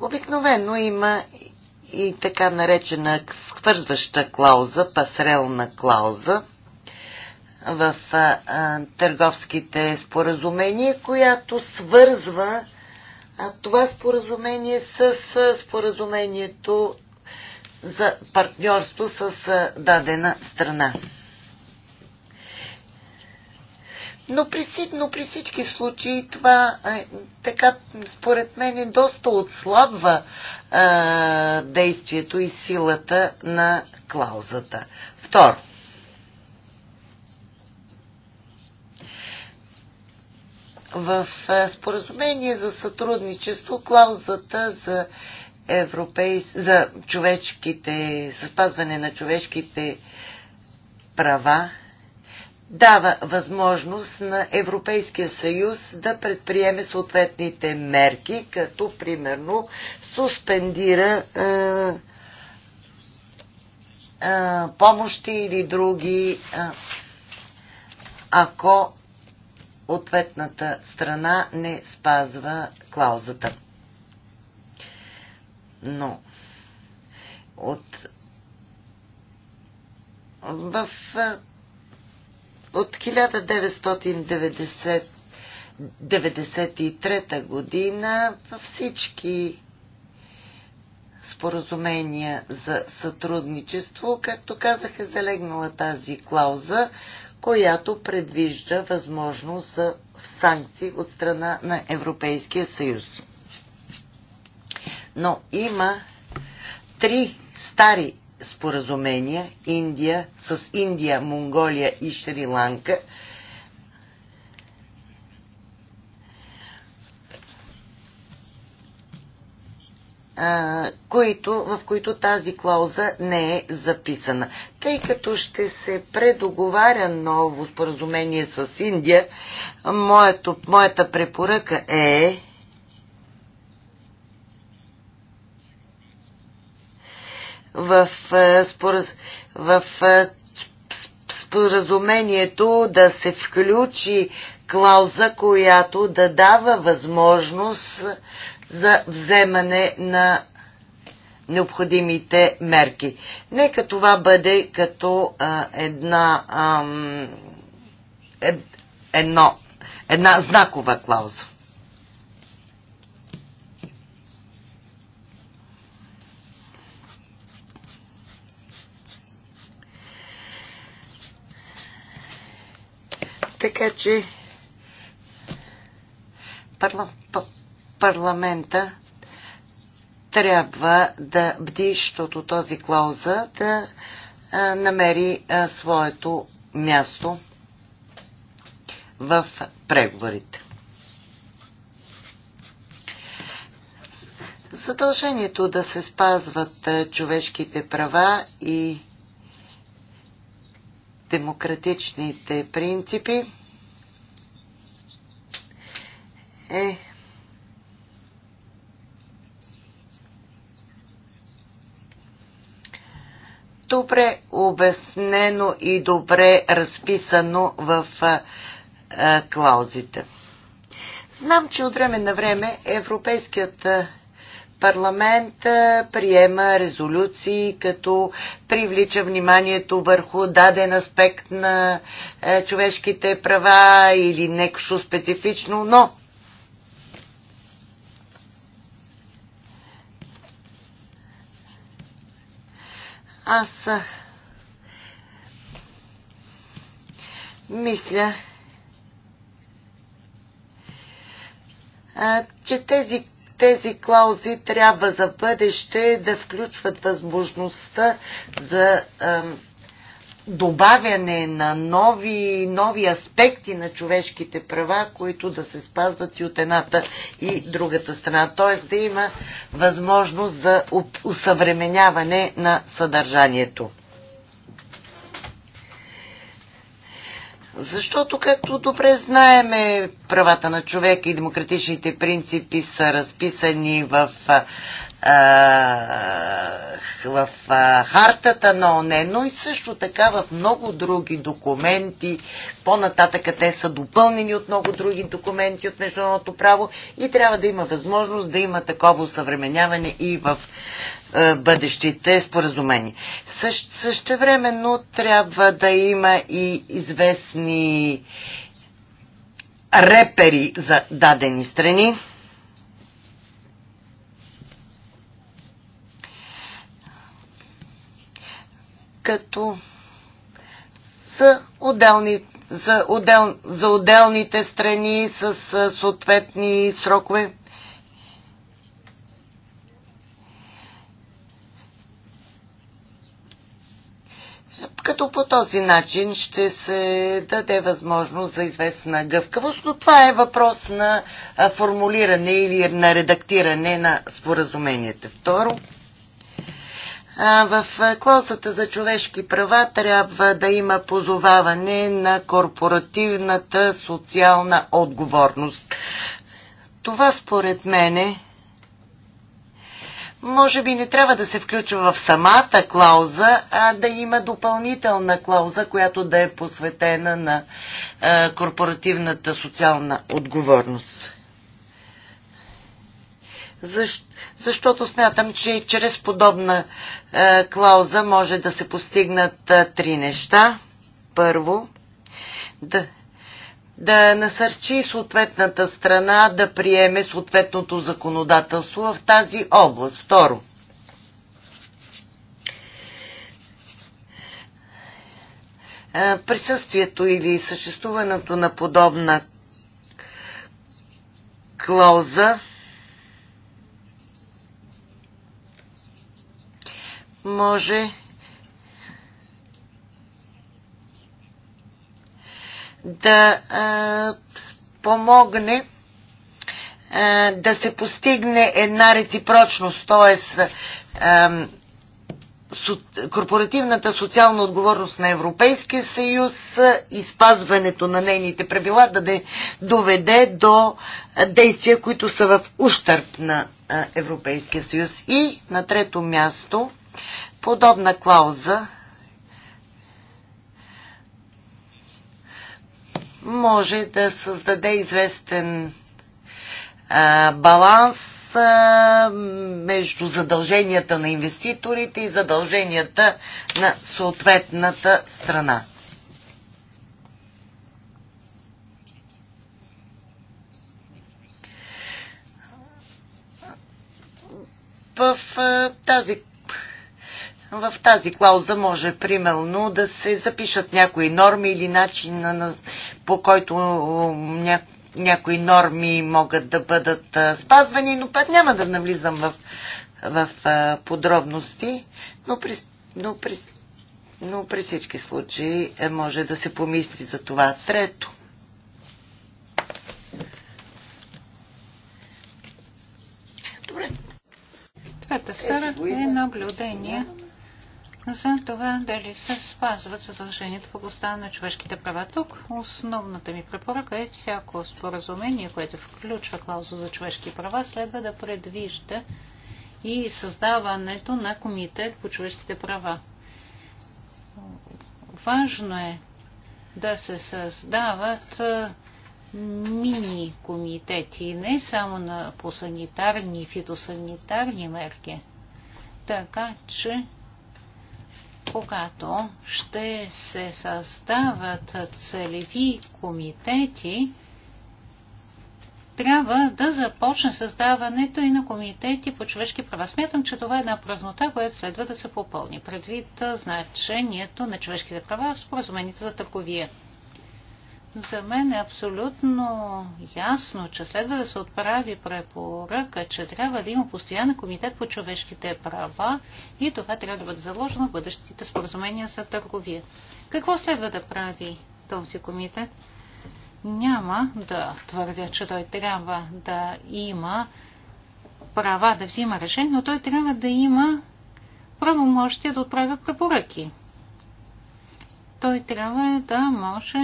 Обикновено има и така наречена свързваща клауза, пасрелна клауза в а, а, търговските споразумения, която свързва а, това споразумение с а, споразумението за партньорство с а, дадена страна. Но при, но при всички случаи това е, така, според мен, е доста отслабва е, действието и силата на клаузата. Второ. В споразумение за сътрудничество клаузата за, европейс... за човешките, за спазване на човешките права дава възможност на Европейския съюз да предприеме съответните мерки, като примерно суспендира е, е, помощи или други, е, ако ответната страна не спазва клаузата. Но от в от 1993 година във всички споразумения за сътрудничество, както казах, е залегнала тази клауза, която предвижда възможност за санкции от страна на Европейския съюз. Но има три стари споразумения Индия, с Индия, Монголия и Шри-Ланка които, в които тази клауза не е записана. Тъй като ще се предоговаря ново споразумение с Индия, моето, моята препоръка е в, е, спораз... в е, споразумението да се включи клауза, която да дава възможност за вземане на необходимите мерки. Нека това бъде като а, една, ам, е, едно, една знакова клауза. Така че парла, парламента трябва да бди, защото този клауза да а, намери а, своето място в преговорите. Задължението да се спазват човешките права и демократичните принципи е добре обяснено и добре разписано в клаузите. Знам, че от време на време Европейският парламент приема резолюции, като привлича вниманието върху даден аспект на е, човешките права или нещо специфично, но аз е, мисля, е, че тези тези клаузи трябва за бъдеще да включват възможността за добавяне на нови, нови аспекти на човешките права, които да се спазват и от едната и другата страна. Т.е. да има възможност за усъвременяване на съдържанието. Защото, както добре знаеме, правата на човека и демократичните принципи са разписани в в а, хартата на ОНЕ, но и също така в много други документи. По-нататъка те са допълнени от много други документи от международното право и трябва да има възможност да има такова съвременяване и в а, бъдещите споразумения. време, но трябва да има и известни репери за дадени страни като за, отделни, за, отдел, за отделните страни с съответни срокове. като по този начин ще се даде възможност за известна гъвкавост, но това е въпрос на формулиране или на редактиране на споразуменията. Второ, в клаусата за човешки права трябва да има позоваване на корпоративната социална отговорност. Това според мене може би не трябва да се включва в самата клауза, а да има допълнителна клауза, която да е посветена на корпоративната социална отговорност. Защ, защото смятам, че чрез подобна е, клауза може да се постигнат е, три неща. Първо, да, да насърчи съответната страна да приеме съответното законодателство в тази област. Второ, е, присъствието или съществуването на подобна клауза може да а, помогне а, да се постигне една реципрочност, т.е. корпоративната социална отговорност на Европейския съюз и спазването на нейните правила да не доведе до действия, които са в ущърп на Европейския съюз. И на трето място Подобна клауза може да създаде известен а, баланс а, между задълженията на инвеститорите и задълженията на съответната страна. В а, тази в тази клауза може примерно да се запишат някои норми или начин по който ня, някои норми могат да бъдат спазвани, но пак няма да навлизам в, в подробности, но при, но, при, но при всички случаи е, може да се помисли за това. Трето. Добре. Трета сфера е наблюдение за това дали се спазват задълженията в областта на човешките права. Тук основната ми препоръка е всяко споразумение, което включва клауза за човешки права, следва да предвижда и създаването на комитет по човешките права. Важно е да се създават мини комитети, не само на, по санитарни и фитосанитарни мерки, така че когато ще се създават целеви комитети, трябва да започне създаването и на комитети по човешки права. Смятам, че това е една празнота, която следва да се попълни, предвид значението на човешките права в споразумените за търговия. За мен е абсолютно ясно, че следва да се отправи препоръка, че трябва да има постоянен комитет по човешките права и това трябва да бъде заложено в бъдещите споразумения за търговия. Какво следва да прави този комитет? Няма да твърдя, че той трябва да има права да взима решение, но той трябва да има правомощие да отправя препоръки. Той трябва да може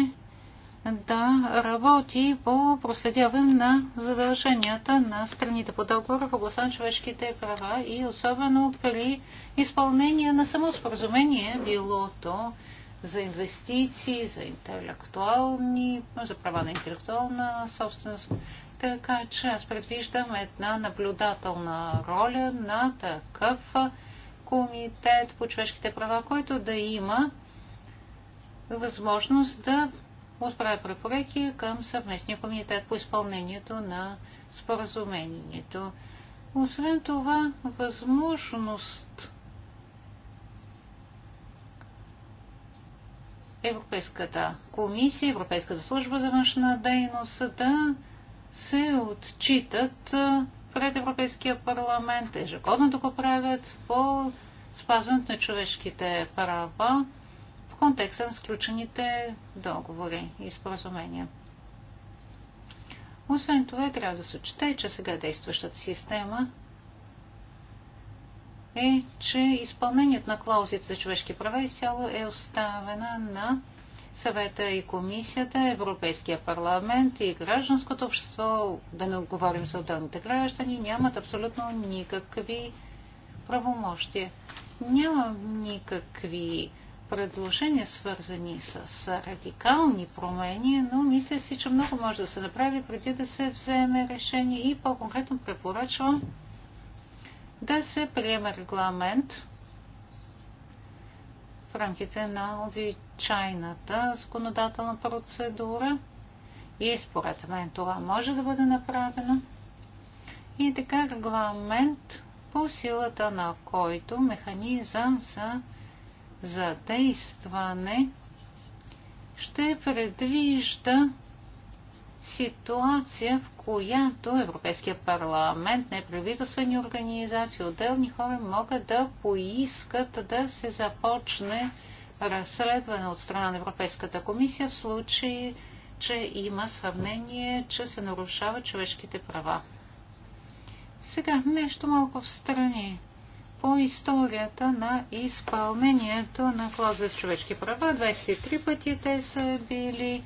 да работи по проследяване на задълженията на страните по договора в областта на човешките права и особено при изпълнение на само споразумение, било то за инвестиции, за интелектуални, за права на интелектуална собственост. Така че аз предвиждам една наблюдателна роля на такъв комитет по човешките права, който да има възможност да отправя препоръки към съвместния комитет по изпълнението на споразумението. Освен това, възможност Европейската комисия, Европейската служба за външна дейност да се отчитат пред Европейския парламент, ежегодно да го правят по спазването на човешките права контекста на сключените договори и споразумения. Освен това, трябва да се отчете, че сега действащата система е, че изпълнението на клаузите за човешки права изцяло е оставена на съвета и комисията, Европейския парламент и гражданското общество, да не говорим за отделните граждани, нямат абсолютно никакви правомощия. Няма никакви предложения, свързани с радикални промени, но мисля си, че много може да се направи преди да се вземе решение и по-конкретно препоръчвам да се приеме регламент в рамките на обичайната законодателна процедура и според мен това може да бъде направено. И така регламент по силата на който механизъм за за действане ще предвижда ситуация, в която Европейския парламент, неправителствени организации, отделни хора могат да поискат да се започне разследване от страна на Европейската комисия в случай, че има сравнение, че се нарушават човешките права. Сега нещо малко в страни по историята на изпълнението на клауза за човешки права. 23 пъти те са били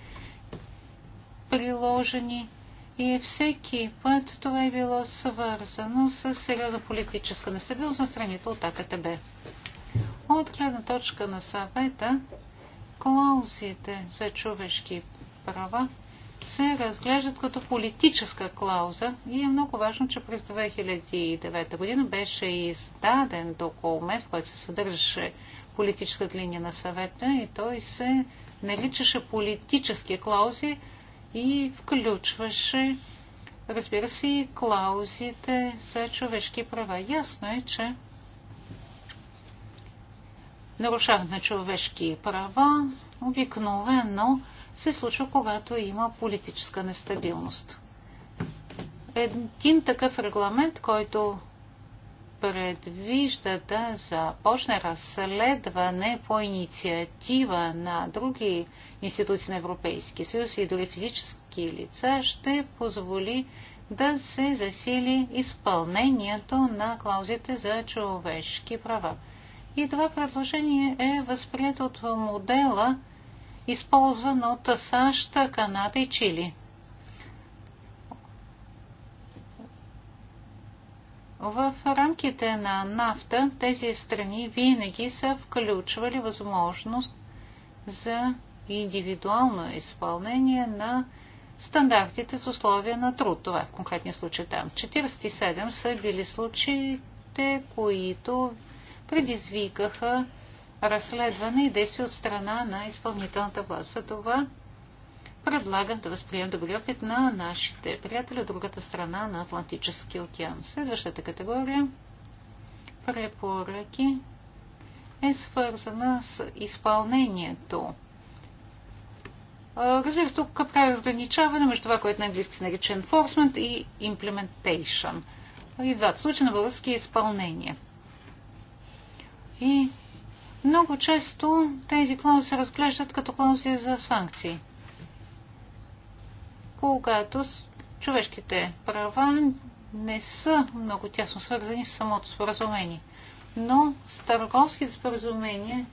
приложени и всеки път това е било свързано с сериозна политическа нестабилност на страните от АКТБ. От гледна точка на съвета, клаузите за човешки права се разглеждат като политическа клауза и е много важно, че през 2009 година беше издаден документ, в който се съдържаше политическата линия на съвета и той се наричаше политически клаузи и включваше, разбира се, и клаузите за човешки права. Ясно е, че нарушават на човешки права обикновено се случва, когато има политическа нестабилност. Един такъв регламент, който предвижда да започне разследване по инициатива на други институции на Европейския съюз и дори физически лица, ще позволи да се засили изпълнението на клаузите за човешки права. И това предложение е възприето от модела използван от САЩ, Канада и Чили. В рамките на нафта тези страни винаги са включвали възможност за индивидуално изпълнение на стандартите с условия на труд. Това е в конкретния случай там. 47 са били случаите, които предизвикаха разследване и действия от страна на изпълнителната власт. За това предлагам да възприем добри опит на нашите приятели от другата страна на Атлантическия океан. Следващата категория препоръки е свързана с изпълнението. Разбира се, тук прави разграничаване между това, което на английски се нарича enforcement и implementation. И в двата случая на български е изпълнение. И много често тези клаузи се разглеждат като клаузи за санкции. Когато човешките права не са много тясно свързани с самото споразумение. Но с търговските споразумения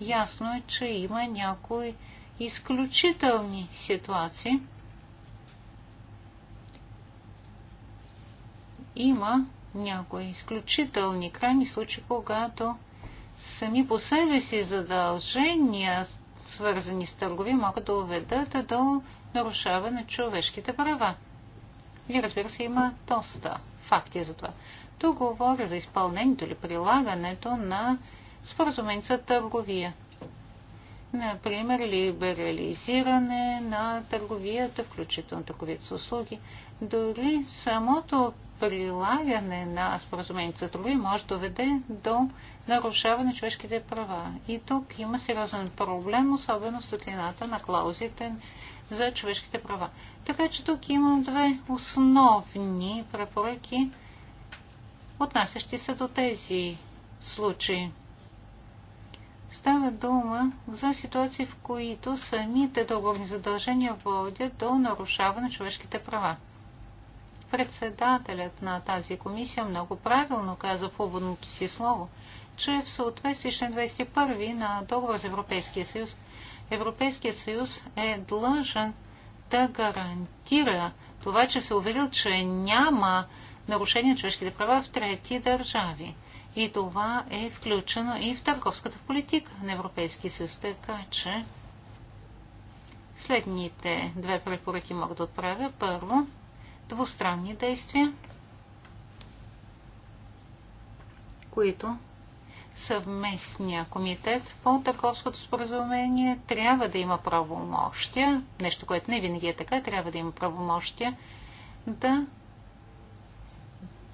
ясно е, че има някои изключителни ситуации. Има някои изключителни крайни случаи, когато сами по себе си задължения, свързани с търгови, могат да уведат до нарушаване на човешките права. И разбира се, има доста факти за това. Тук говоря за изпълнението или прилагането на споразумение за търговия. Например, либерализиране на търговията, включително търговията с услуги. Дори самото прилагане на споразумение за търговия може да доведе до нарушаване на човешките права. И тук има сериозен проблем, особено светлината на клаузите за човешките права. Така че тук имам две основни препоръки, отнасящи се до тези случаи. Става дума за ситуации, в които самите договорни задължения водят до нарушаване на човешките права. Председателят на тази комисия много правилно каза в уводното си слово, че в съответствие с 21 на договор за Европейския съюз, Европейският съюз е длъжен да гарантира това, че се уверил, че няма нарушение на човешките права в трети държави. И това е включено и в търговската политика на Европейския съюз. Така че следните две препоръки могат да отправя. Първо, двустранни действия, които съвместния комитет по търговското споразумение трябва да има правомощия, нещо, което не винаги е така, трябва да има правомощия да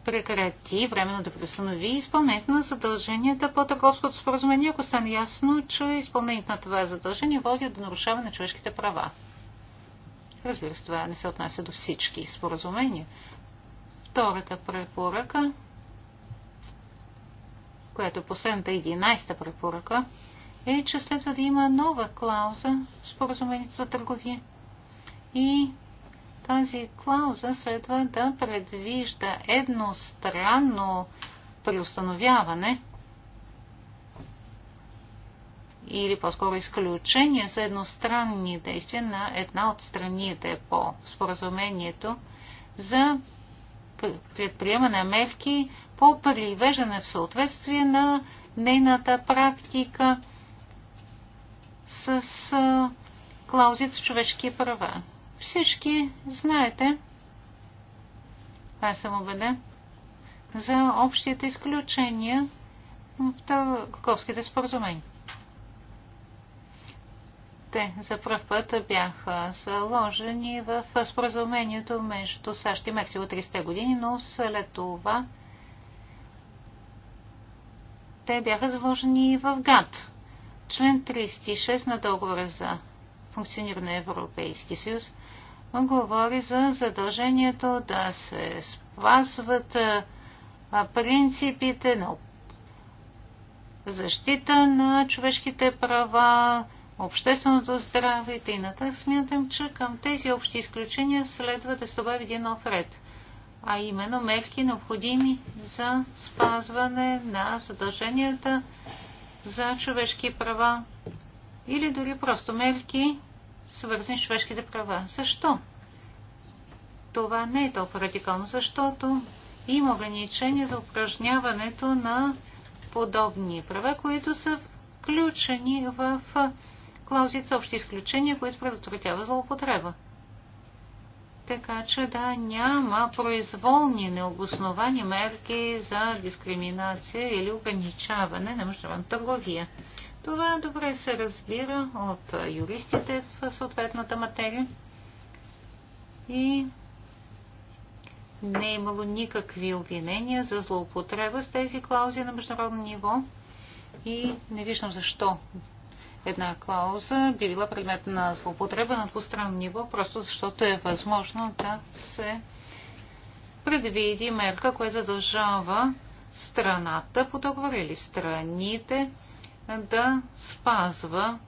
прекрати, временно да преустанови изпълнението на задълженията по търговското споразумение, ако стане ясно, че изпълнението на това задължение води до нарушаване на човешките права. Разбира се, това не се отнася до всички споразумения. Втората препоръка, която е последната 11-та препоръка, е, че следва да има нова клауза в споразумението за търговия. И тази клауза следва да предвижда едностранно преустановяване или по-скоро изключение за едностранни действия на една от страните по споразумението за предприемане на мерки по привеждане в съответствие на нейната практика с клаузите човешки права. Всички знаете, аз съм убеден, за общите изключения в търговските споразумения те за първ път бяха заложени в споразумението между САЩ и Мексико 30-те години, но след това те бяха заложени и в ГАТ. Член 36 на договора за функциониране на Европейски съюз говори за задължението да се спазват принципите на защита на човешките права, общественото здраве и т.н. Смятам, че към тези общи изключения следва да се добави един нов ред, а именно мерки необходими за спазване на задълженията за човешки права или дори просто мерки, свързани с човешките права. Защо? Това не е толкова радикално, защото има ограничения за упражняването на подобни права, които са включени в клаузите са общи изключения, които предотвратяват злоупотреба. Така че да, няма произволни необосновани мерки за дискриминация или ограничаване на международна търговия. Това добре се разбира от юристите в съответната материя и не е имало никакви обвинения за злоупотреба с тези клаузи на международно ниво и не виждам защо една клауза би била предмет на злоупотреба на двустранно ниво, просто защото е възможно да се предвиди мерка, която задължава страната по договор или страните да спазва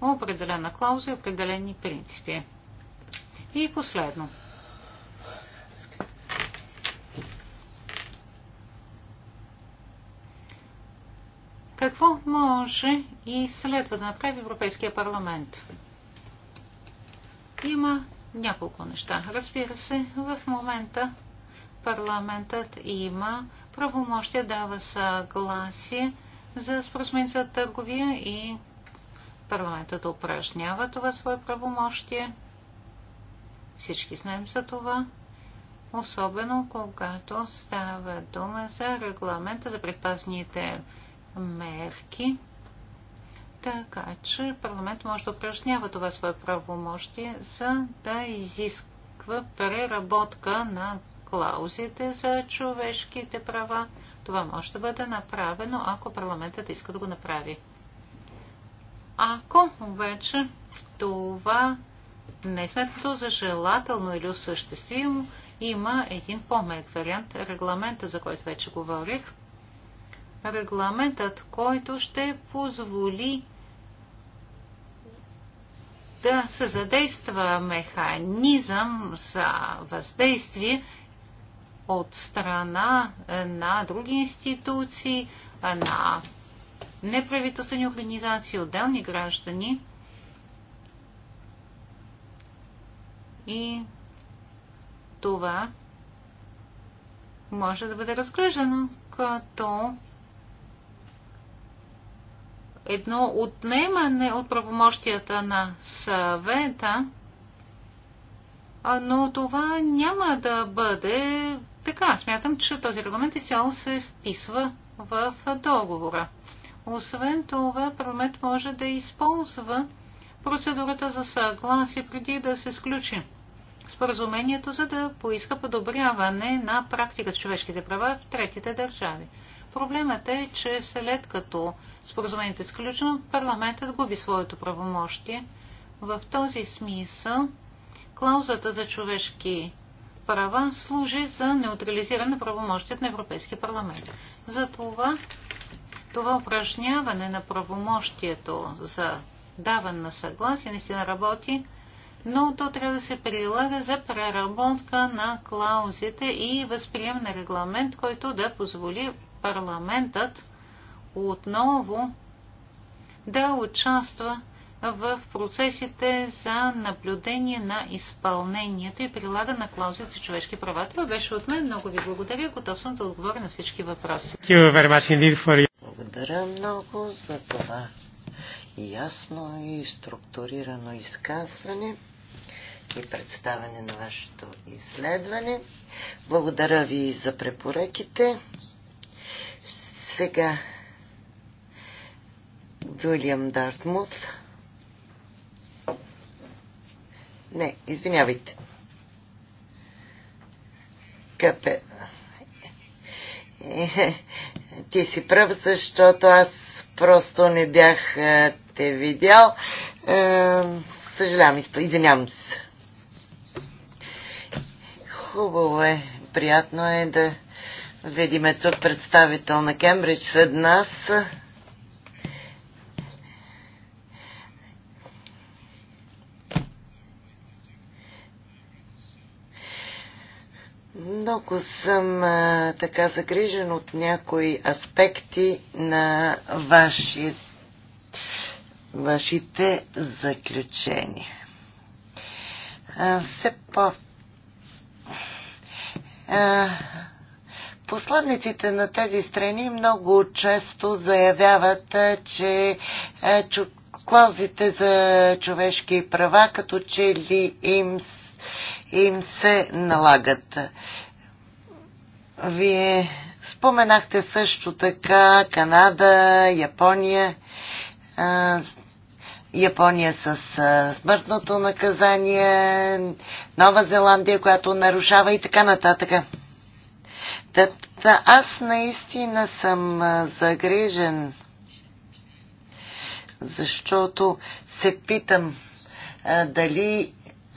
определена клауза и определени принципи. И последно. Какво може и следва да направи Европейския парламент? Има няколко неща. Разбира се, в момента парламентът има правомощия, дава съгласие за споразумение за търговия и парламентът упражнява това свое правомощие. Всички знаем за това. Особено когато става дума за регламента за предпазните мерки, така че парламент може да упражнява това свое правомощие, за да изисква преработка на клаузите за човешките права. Това може да бъде направено, ако парламентът иска да го направи. Ако обаче това не е за желателно или осъществимо, има един по-мек вариант, регламента, за който вече говорих, регламентът, който ще позволи да се задейства механизъм за въздействие от страна на други институции, на неправителствени организации, отделни граждани и това може да бъде разглеждано като едно отнемане от правомощията на съвета, но това няма да бъде така. Смятам, че този регламент изцяло се вписва в договора. Освен това, парламент може да използва процедурата за съгласие преди да се сключи споразумението, за да поиска подобряване на практиката с човешките права в третите държави. Проблемът е, че след като споразумението е сключено, парламентът губи своето правомощие. В този смисъл клаузата за човешки права служи за неутрализиране на правомощият на Европейския парламент. Затова това упражняване на правомощието за даване на съгласие наистина работи, но то трябва да се прилага за преработка на клаузите и възприем на регламент, който да позволи парламентът отново да участва в процесите за наблюдение на изпълнението и прилага на клаузите за човешки права. Това беше от мен. Много ви благодаря. Готов съм да отговоря на всички въпроси. Благодаря много за това ясно и структурирано изказване и представяне на вашето изследване. Благодаря ви за препоръките. Сега Уилям Дартмут. Не, извинявайте. Капе. Ти си пръв, защото аз просто не бях те видял. Съжалявам, извинявам се. Хубаво е, приятно е да видиме тук представител на Кембридж сред нас. Много съм а, така загрижен от някои аспекти на ваши, вашите заключения. А, все по... А, Посланниците на тези страни много често заявяват, че клаузите за човешки права като че ли им, им се налагат. Вие споменахте също така Канада, Япония. Япония с смъртното наказание, Нова Зеландия, която нарушава и така нататък. Та, аз наистина съм загрижен, защото се питам а, дали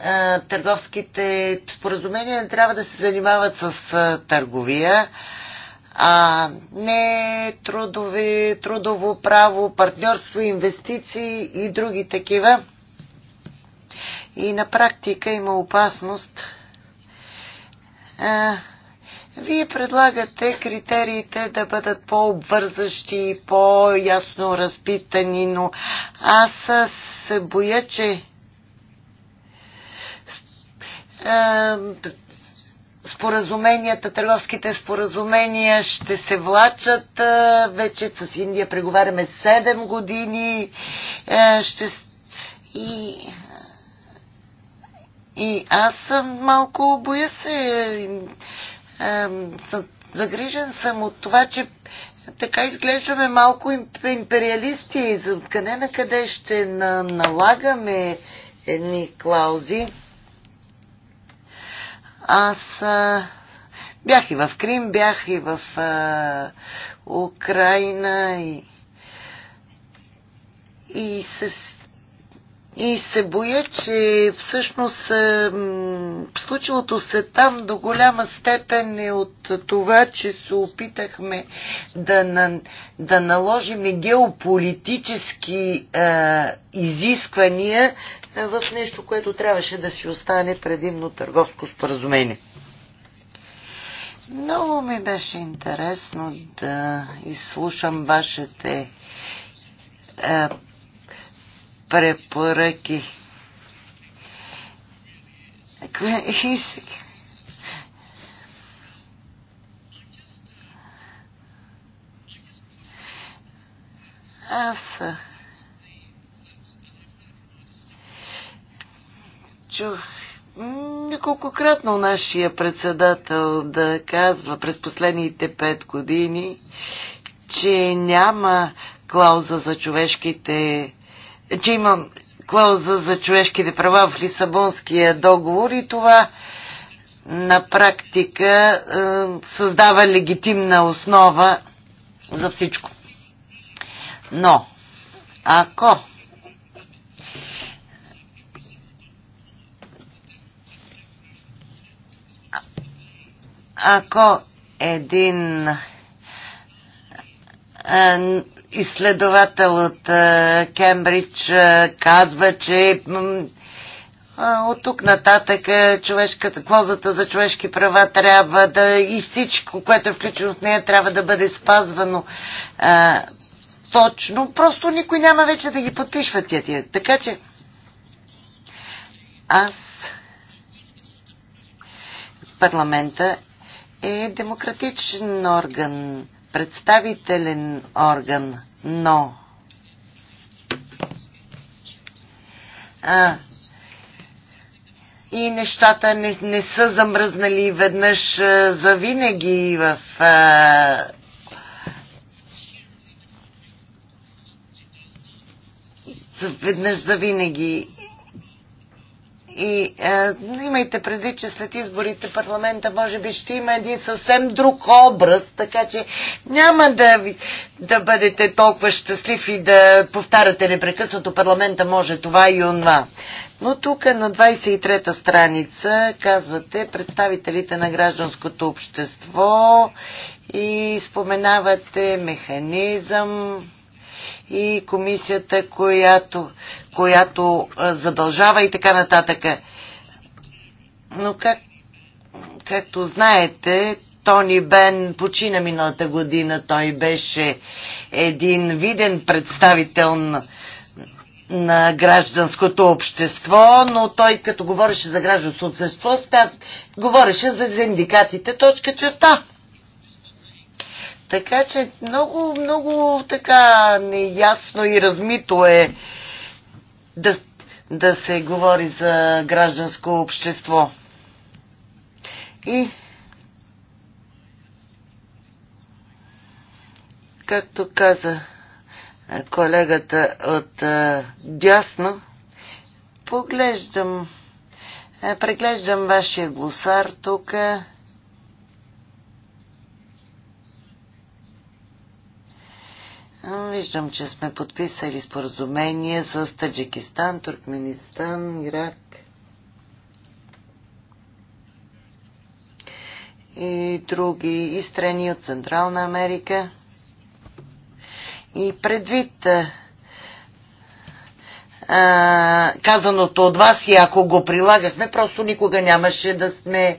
а, търговските споразумения трябва да се занимават с а, търговия, а не трудови, трудово право, партньорство, инвестиции и други такива. И на практика има опасност а, вие предлагате критериите да бъдат по-обвързащи и по-ясно разпитани, но аз се боя, че споразуменията, търговските споразумения ще се влачат. Вече с Индия преговаряме 7 години. Ще... И... И аз съм малко боя се загрижен съм от това, че така изглеждаме малко империалисти. за къде на къде ще налагаме едни клаузи? Аз а, бях и в Крим, бях и в а, Украина и, и с и се боя, че всъщност случилото се там до голяма степен е от това, че се опитахме да, на, да наложим геополитически а, изисквания в нещо, което трябваше да си остане предимно търговско споразумение. Много ми беше интересно да изслушам вашите е, препоръки. И сега. Аз чух неколкократно нашия председател да казва през последните пет години, че няма клауза за човешките че има клауза за човешките права в Лисабонския договор и това на практика е, създава легитимна основа за всичко. Но, ако ако един е, изследовател от Кембридж казва, че от тук нататък човешката, клозата за човешки права трябва да и всичко, което е включено в нея, трябва да бъде спазвано а, точно. Просто никой няма вече да ги подпишва тия тия. Така че аз парламента е демократичен орган представителен орган, но а, и нещата не, не са замръзнали веднъж а, завинаги в а, веднъж завинаги и е, имайте преди, че след изборите парламента може би ще има един съвсем друг образ, така че няма да, ви, да бъдете толкова щастлив и да повтаряте непрекъснато парламента може това и онва. Но тук на 23-та страница казвате представителите на гражданското общество и споменавате механизъм, и комисията, която, която задължава и така нататък. Но как, както знаете, Тони Бен почина миналата година. Той беше един виден представител на, на гражданското общество, но той като говореше за гражданското общество, говореше за синдикатите точка черта. Така че много, много така неясно и размито е да, да се говори за гражданско общество. И както каза колегата от а, дясно, поглеждам, а, преглеждам вашия глосар тук. А, Виждам, че сме подписали споразумение с Таджикистан, Туркменистан, Ирак. и други и страни от Централна Америка. И предвид а, казаното от вас и ако го прилагахме, просто никога нямаше да сме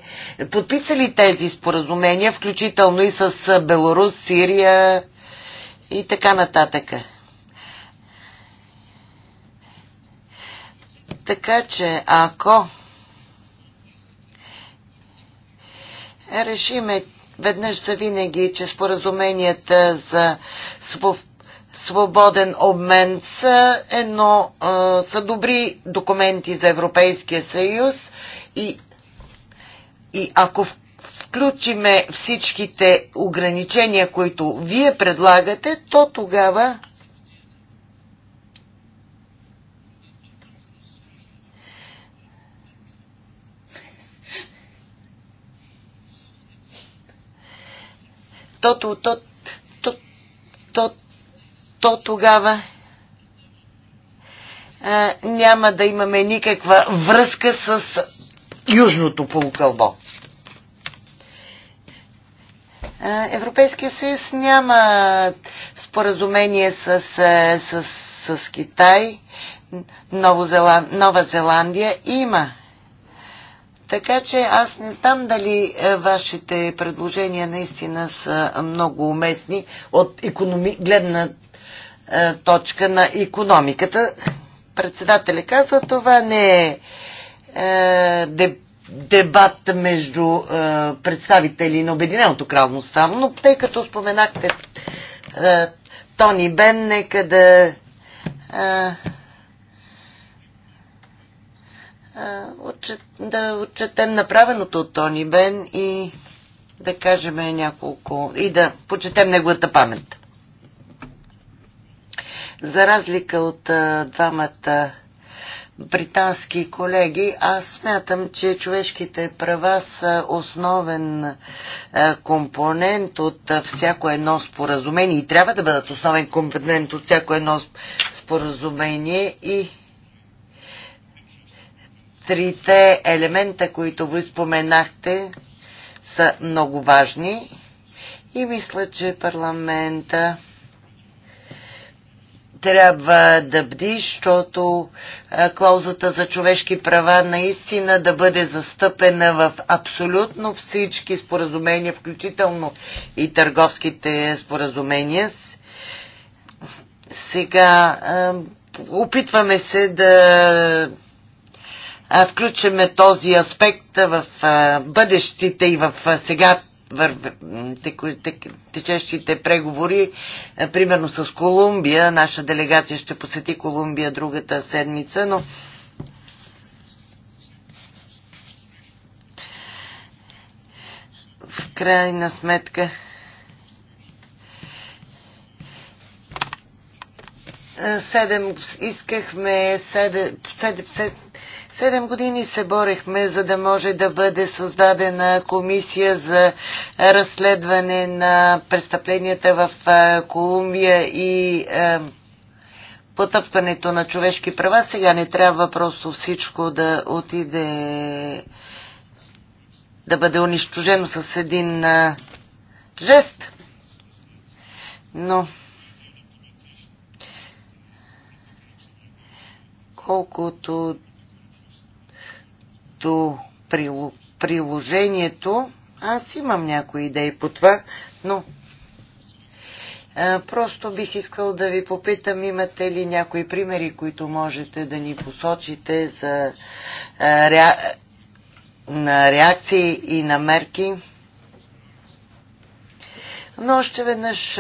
подписали тези споразумения, включително и с Беларус, Сирия, и така нататък. Така че ако решиме веднъж за винаги, че споразуменията за свободен обмен са, едно, са добри документи за Европейския съюз и, и ако в включиме всичките ограничения, които вие предлагате, то тогава то, то, то, то, то, то тогава а, няма да имаме никаква връзка с Южното полукълбо. Е, Европейския съюз няма споразумение с, е, с, с Китай, Зеланд... Нова Зеландия има. Така че аз не знам дали е, вашите предложения наистина са много уместни от економи... гледна точка на економиката. Председателя казва, това не е, е дебат между е, представители на Обединеното крално само, но тъй като споменахте е, Тони Бен, нека да е, е, да отчетем направеното от Тони Бен и да кажем няколко и да почетем неговата памет. За разлика от е, двамата британски колеги, аз смятам, че човешките права са основен е, компонент от е, всяко едно споразумение и трябва да бъдат основен компонент от всяко едно споразумение и трите елемента, които ви споменахте, са много важни и мисля, че парламента трябва да бди, защото клаузата за човешки права наистина да бъде застъпена в абсолютно всички споразумения, включително и търговските споразумения. Сега опитваме се да включиме този аспект в бъдещите и в сега течещите преговори, е, примерно с Колумбия. Наша делегация ще посети Колумбия другата седмица, но в крайна сметка е, седем, искахме седем, седем, седем, Седем години се борехме, за да може да бъде създадена комисия за разследване на престъпленията в Колумбия и потъпването на човешки права. Сега не трябва просто всичко да отиде да бъде унищожено с един жест. Но колкото като приложението. Аз имам някои идеи по това, но а, просто бих искал да ви попитам, имате ли някои примери, които можете да ни посочите за а, ре, на реакции и на мерки. Но още веднъж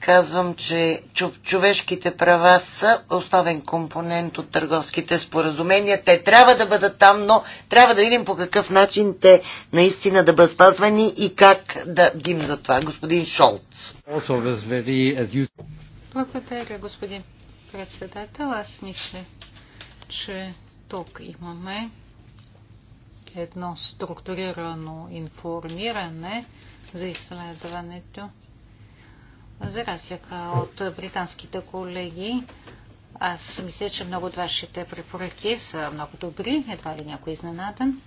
казвам, че човешките права са основен компонент от търговските споразумения. Те трябва да бъдат там, но трябва да видим по какъв начин те наистина да бъдат спазвани и как да дим за това. Господин Шолц. Благодаря, господин председател. Аз мисля, че тук имаме едно структурирано информиране за изследването за разлика от британските колеги, аз мисля, че много от вашите препоръки са много добри, едва ли някой е изненадан,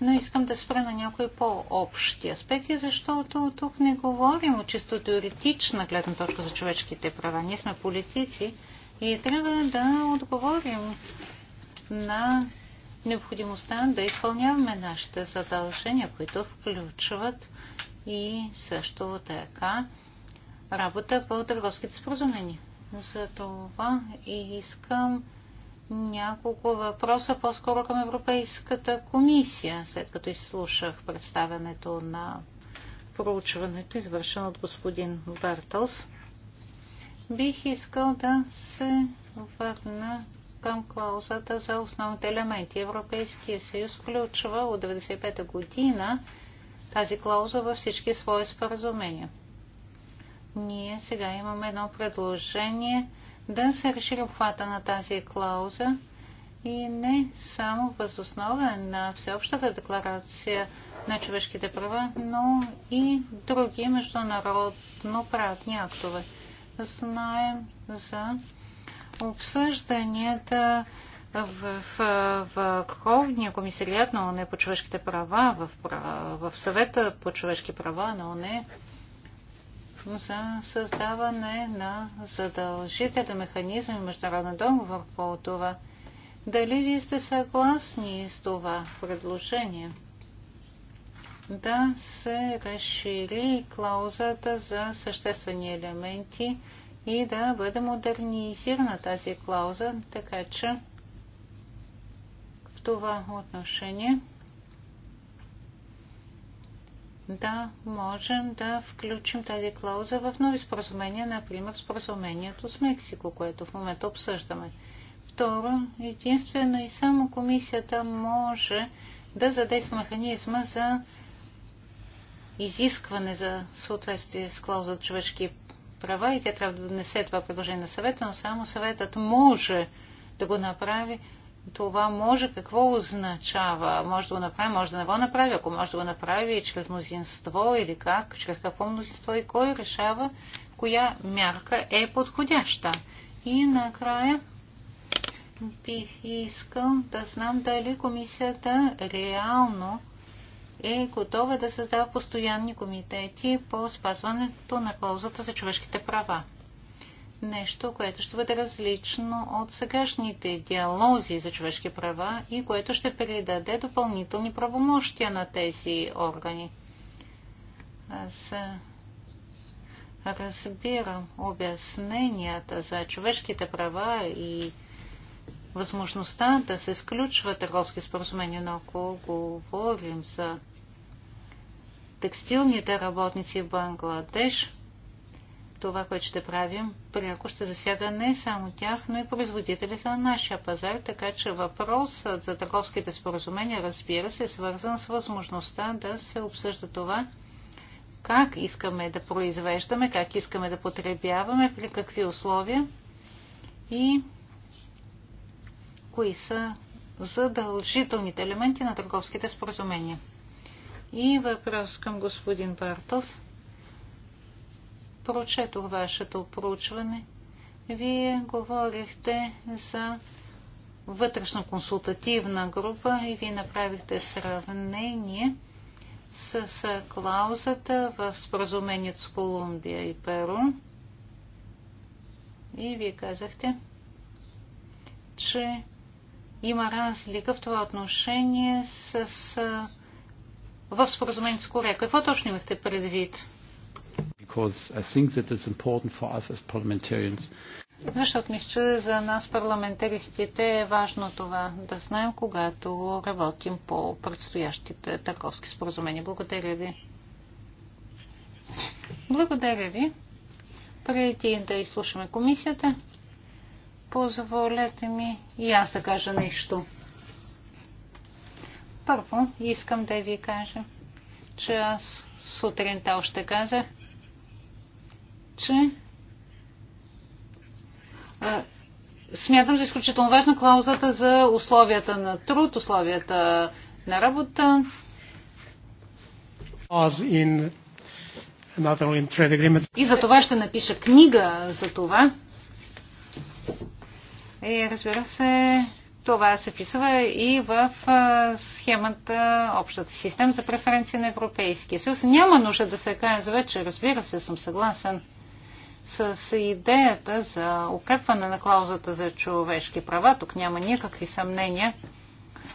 но искам да спра на някои по-общи аспекти, защото тук не говорим от чисто теоретична гледна точка за човешките права. Ние сме политици и трябва да отговорим на необходимостта да изпълняваме нашите задължения, които включват и също така работа по търговските споразумения. За това и искам няколко въпроса по-скоро към Европейската комисия, след като изслушах представянето на проучването, извършено от господин Бартълс. Бих искал да се върна към клаузата за основните елементи. Европейския съюз включва от 1995 година тази клауза във всички свои споразумения ние сега имаме едно предложение да се реши обхвата на тази клауза и не само възоснова на Всеобщата декларация на човешките права, но и други международно правни актове. Знаем за обсъжданията в, в Върховния комисариат на ОНЕ по човешките права, в, в Съвета по човешки права на ОНЕ за създаване на задължителен механизъм и международен договор по това. Дали вие сте съгласни с това предложение? Да се разшири клаузата за съществени елементи и да бъде модернизирана тази клауза, така че в това отношение да можем да включим тази клауза в нови споразумения, например споразумението с Мексико, което в момента обсъждаме. Второ, единствено и само комисията може да задейства механизма за изискване за съответствие с клауза от човешки права и тя трябва да внесе това предложение на съвета, но само съветът може да го направи това може, какво означава? Може да го направи, може да не го направи. Ако може да го направи чрез мнозинство или как, чрез какво мнозинство и кой решава коя мярка е подходяща. И накрая бих искал да знам дали комисията реално е готова да създава постоянни комитети по спазването на клаузата за човешките права нещо, което ще бъде различно от сегашните диалози за човешки права и което ще передаде допълнителни правомощия на тези органи. Аз разбирам обясненията за човешките права и възможността да се сключва търговски споразумения, но ако говорим за текстилните работници в Бангладеш – това, което ще правим, пряко ще засяга не само тях, но и производителите на нашия пазар, така че въпросът за търговските споразумения, разбира се, е свързан с възможността да се обсъжда това, как искаме да произвеждаме, как искаме да потребяваме, при какви условия и кои са задължителните елементи на търговските споразумения. И въпрос към господин Бартос прочетох вашето проучване, вие говорихте за вътрешна консултативна група и вие направихте сравнение с клаузата в споразумението с Колумбия и Перу. И вие казахте, че има разлика в това отношение с, с в споразумението с Корея. Какво точно имахте предвид? because I think that is important for us as parliamentarians. Защото мисля, че за нас парламентаристите е важно това да знаем, когато работим по предстоящите търговски споразумения. Благодаря ви. Благодаря ви. Преди да изслушаме комисията, позволете ми и аз да кажа нещо. Първо, искам да ви кажа, че аз сутринта още казах, че смятам за изключително важна клаузата за условията на труд, условията на работа. И за това ще напиша книга за това. И разбира се, това се писва и в схемата, общата система за преференции на Европейския съюз. Няма нужда да се казва, че разбира се, съм съгласен с идеята за укрепване на клаузата за човешки права. Тук няма никакви съмнения.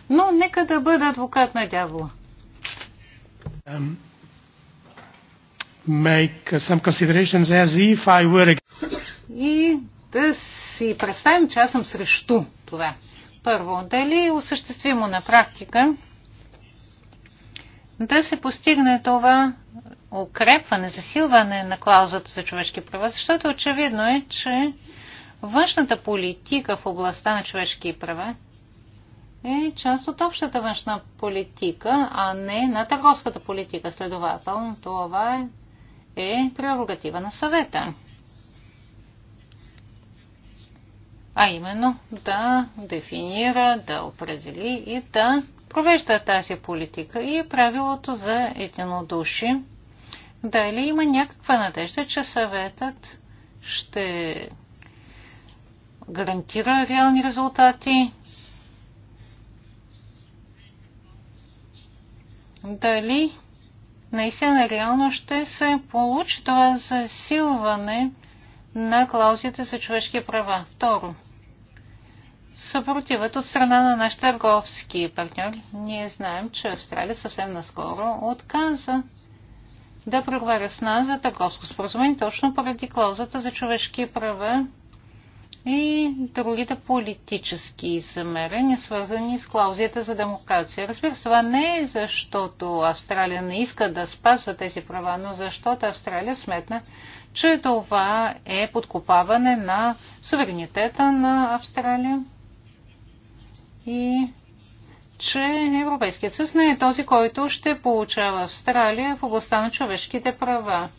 Но нека да бъда адвокат на дявола. И да си представим, че аз съм срещу това. Първо, дали е осъществимо на практика да се постигне това укрепване, засилване на клаузата за човешки права, защото очевидно е, че външната политика в областта на човешки права е част от общата външна политика, а не на търговската политика. Следователно, това е прерогатива на съвета. А именно да дефинира, да определи и да провежда тази политика и е правилото за единодуши. Дали има някаква надежда, че съветът ще гарантира реални резултати? Дали наистина реално ще се получи това засилване на клаузите за човешки права? Второ, съпротивът от страна на нашите търговски партньори. Ние знаем, че Австралия съвсем наскоро отказа да преговаря с нас за търговско споразумение, точно поради клаузата за човешки права и другите политически замерения, свързани с клаузията за демокрация. Разбира се, това не е защото Австралия не иска да спазва тези права, но защото Австралия сметна, че това е подкопаване на суверенитета на Австралия и че Европейският съюз не е този, който ще получава Австралия в областта на човешките права.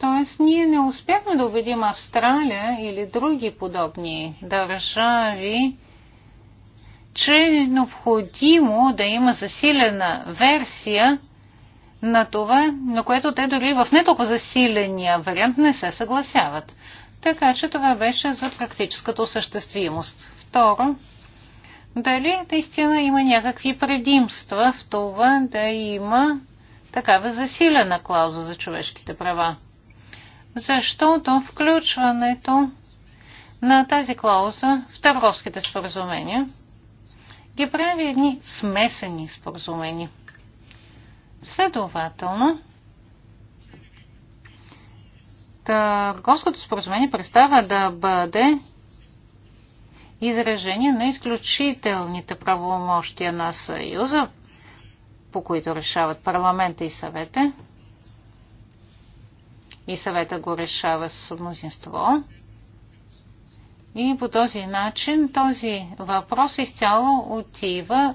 Тоест, ние не успяхме да убедим Австралия или други подобни държави, че е необходимо да има засилена версия на това, на което те дори в не толкова засиления вариант не се съгласяват. Така че това беше за практическата осъществимост. Второ, дали наистина има някакви предимства в това да има такава засилена клауза за човешките права. Защото включването на тази клауза в търговските споразумения ги прави едни смесени споразумения. Следователно, Гонското е, споразумение представя да бъде изражение на изключителните правомощия на Съюза, по които решават парламента и съвета. И съвета го решава с мнозинство. И по този начин този въпрос изцяло отива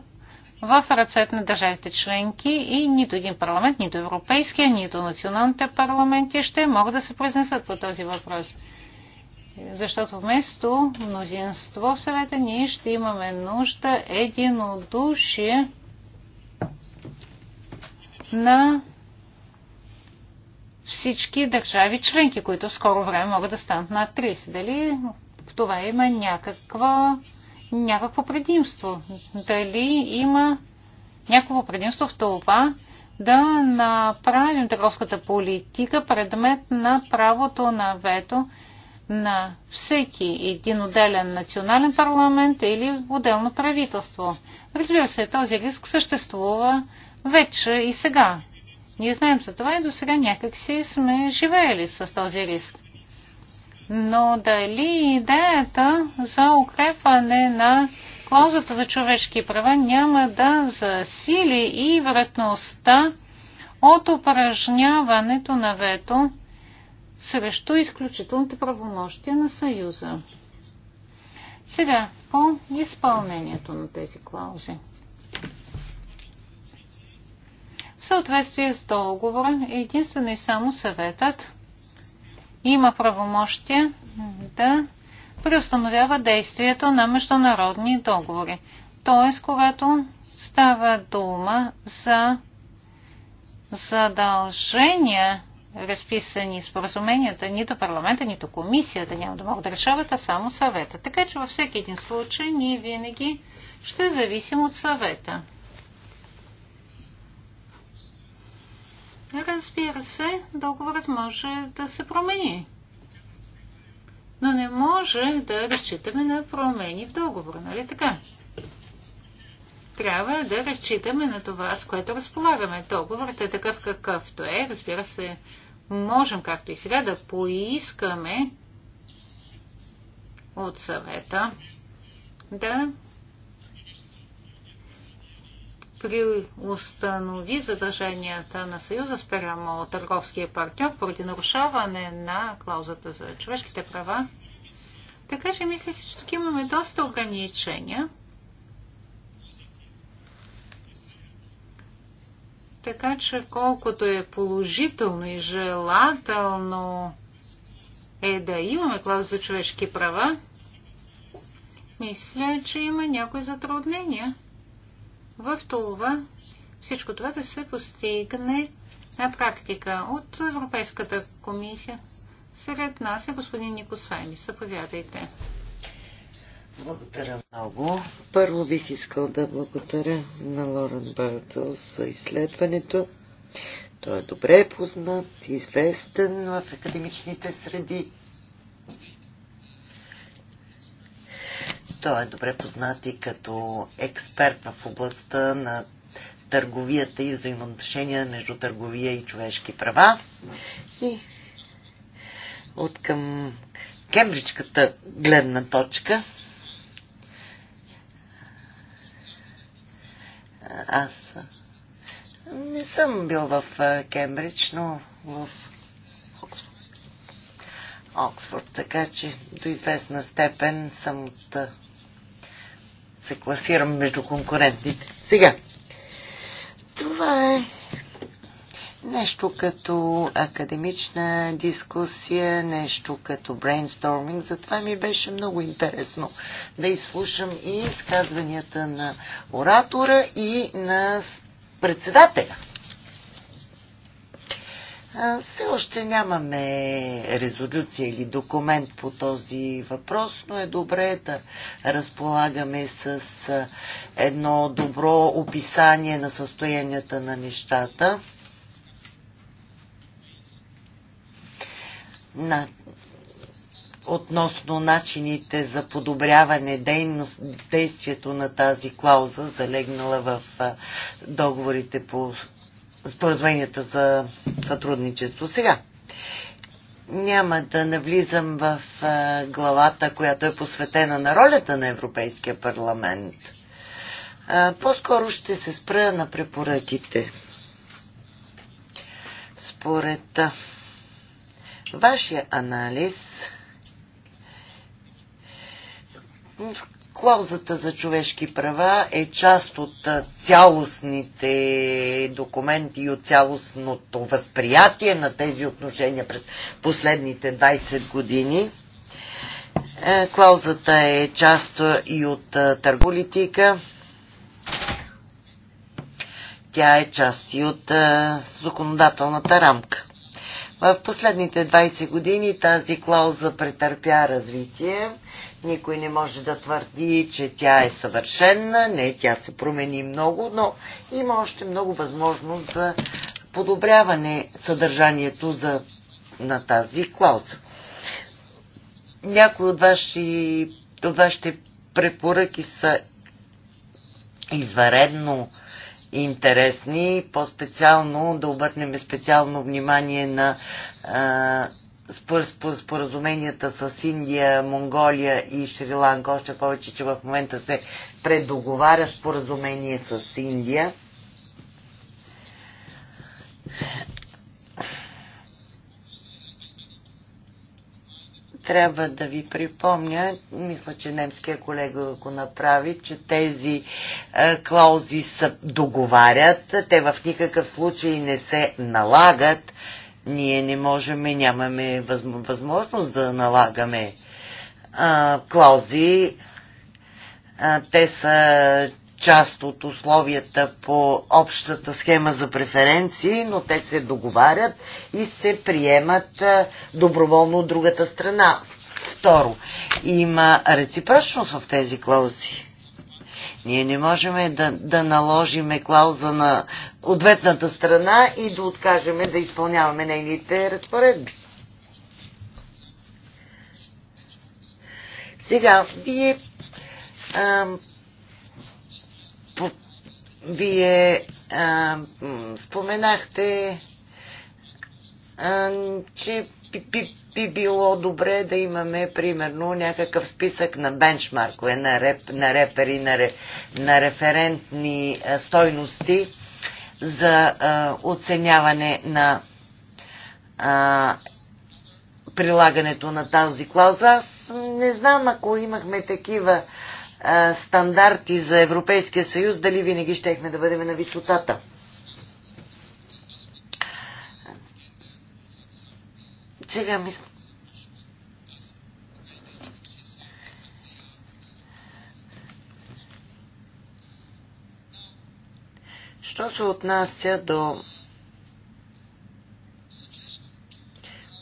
в ръцете на държавите членки и нито един парламент, нито европейския, нито националните парламенти ще могат да се произнесат по този въпрос. Защото вместо мнозинство в съвета ние ще имаме нужда единодушие на всички държави членки, които в скоро време могат да станат над 30. Дали в това има някаква някакво предимство. Дали има някакво предимство в това да направим търговската политика предмет на правото на вето на всеки един отделен национален парламент или отделно правителство. Разбира се, този риск съществува вече и сега. Ние знаем за това и до сега някакси сме живеели с този риск. Но дали идеята за укрепване на клаузата за човешки права няма да засили и вероятността от упражняването на вето срещу изключителните правомощия на Съюза. Сега по изпълнението на тези клаузи. В съответствие с договора единствено и само съветът има правомощия да преустановява действието на международни договори. Тоест, когато става дума за задължения, разписани споразуменията, нито парламента, нито комисията няма да могат да решават, а само съвета. Така че във всеки един случай ние винаги ще зависим от съвета. Разбира се, договорът може да се промени. Но не може да разчитаме на промени в договора, нали така? Трябва да разчитаме на това, с което разполагаме. Договорът е такъв какъвто е. Разбира се, можем, както и сега, да поискаме от съвета да приустанови задълженията на Съюза спрямо търговския партньор поради нарушаване на клаузата за човешките права. Така че мисля си, че тук имаме доста ограничения. Така че колкото е положително и желателно е да имаме клауза за човешки права, мисля, че има някои затруднения в това всичко това да се постигне на практика от Европейската комисия. Сред нас е господин Нико Съповядайте. Благодаря много. Първо бих искал да благодаря на Лорен Бъртъл за изследването. Той е добре познат, известен в академичните среди. Той е добре познат и като експерт в областта на търговията и взаимоотношения между търговия и човешки права. И от към кембриджката гледна точка аз не съм бил в Кембридж, но в Оксфорд. Оксфорд, така че до известна степен съм от се класирам между конкурентните. Сега, това е нещо като академична дискусия, нещо като брейнсторминг. Затова ми беше много интересно да изслушам и изказванията на оратора и на председателя. Все още нямаме резолюция или документ по този въпрос, но е добре да разполагаме с едно добро описание на състоянията на нещата. На, относно начините за подобряване дейност, действието на тази клауза, залегнала в договорите по споразуменията за сътрудничество. Сега, няма да навлизам в главата, която е посветена на ролята на Европейския парламент. По-скоро ще се спра на препоръките. Според вашия анализ, Клаузата за човешки права е част от цялостните документи и от цялостното възприятие на тези отношения през последните 20 години. Е, клаузата е част и от търголитика. Тя е част и от законодателната рамка. В последните 20 години тази клауза претърпя развитие никой не може да твърди, че тя е съвършенна, не, тя се промени много, но има още много възможност за подобряване съдържанието за, на тази клауза. Някои от, ваши, от вашите препоръки са изваредно интересни, по-специално да обърнем специално внимание на а, споразуменията с Индия, Монголия и Шри-Ланка, още повече, че в момента се предоговаря споразумение с Индия. Трябва да ви припомня, мисля, че немския колега го направи, че тези е, клаузи се договарят, те в никакъв случай не се налагат. Е, ние не можем, нямаме възможност да налагаме а, клаузи. А, те са част от условията по общата схема за преференции, но те се договарят и се приемат доброволно от другата страна. Второ, има реципрочност в тези клаузи. Ние не можем да, да наложиме клауза на ответната страна и да откажем да изпълняваме нейните разпоредби. Сега, вие, а, по, вие а, споменахте, а, че пи, пи, би било добре да имаме, примерно, някакъв списък на бенчмаркове, на, реп, на репери, на, ре, на референтни а, стойности за а, оценяване на а, прилагането на тази клауза. Аз не знам, ако имахме такива а, стандарти за Европейския съюз, дали винаги щехме да бъдем на висотата. Сега мисля. Що се отнася до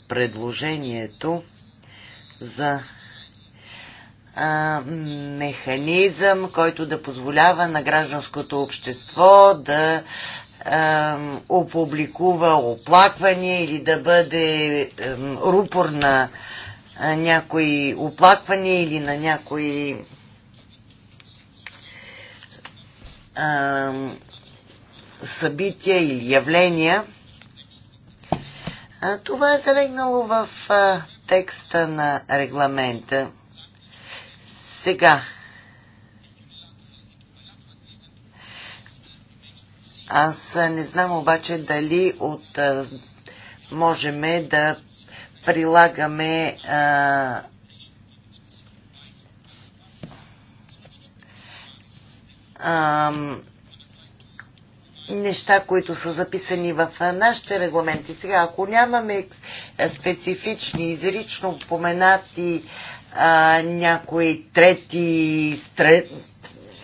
предложението за а, механизъм, който да позволява на гражданското общество да опубликува оплаквания или да бъде рупор на някои оплаквания или на някои събития или явления. това е залегнало в текста на регламента. Сега, Аз не знам обаче дали от можеме да прилагаме а, а, неща, които са записани в нашите регламенти. Сега, ако нямаме специфични, изрично поменати а, някои трети,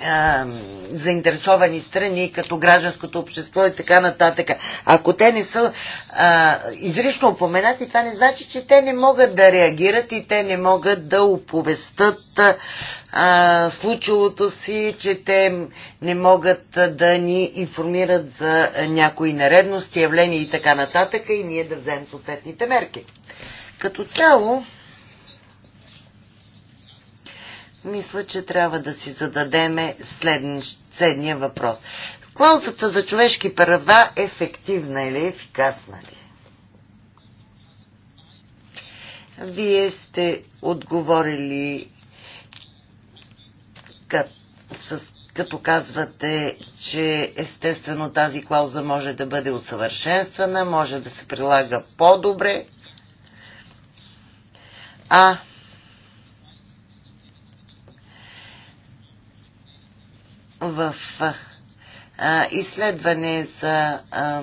а, заинтересовани страни, като гражданското общество и така нататък. Ако те не са а, изрично упоменати, това не значи, че те не могат да реагират и те не могат да оповестат а, случилото си, че те не могат да ни информират за някои нередности, явления и така нататък и ние да вземем съответните мерки. Като цяло, мисля, че трябва да си зададеме следния въпрос. Клаузата за човешки права е ефективна или ефикасна ли? Вие сте отговорили като казвате, че естествено тази клауза може да бъде усъвършенствана, може да се прилага по-добре. А в а, изследване за а,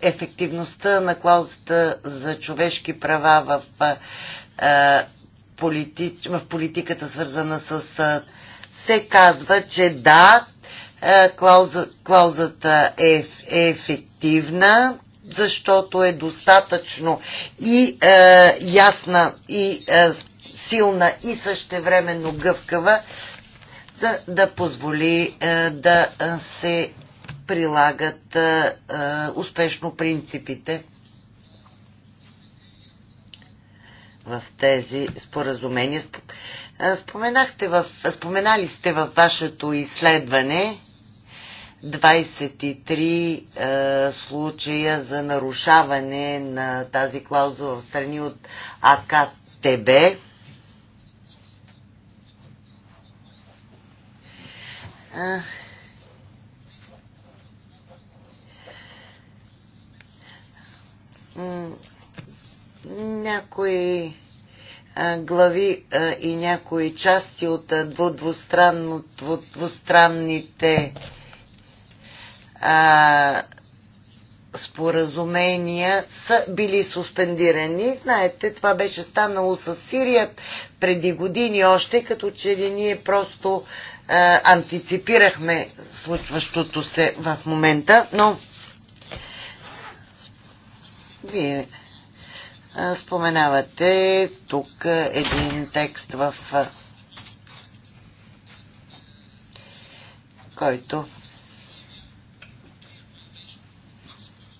ефективността на клаузата за човешки права в, а, политич, в политиката, свързана с. А, се казва, че да, клауза, клаузата е, е ефективна, защото е достатъчно и е, ясна, и е, силна, и същевременно гъвкава, за да позволи е, да се прилагат е, е, успешно принципите в тези споразумения. Споменахте в, споменали сте във вашето изследване 23 е, случая за нарушаване на тази клауза в страни от АКТБ. някои глави и някои части от двустранните споразумения са били суспендирани. Знаете, това беше станало с Сирия преди години още, като че ли ние просто е, антиципирахме случващото се в момента, но вие е, споменавате тук е, един текст в който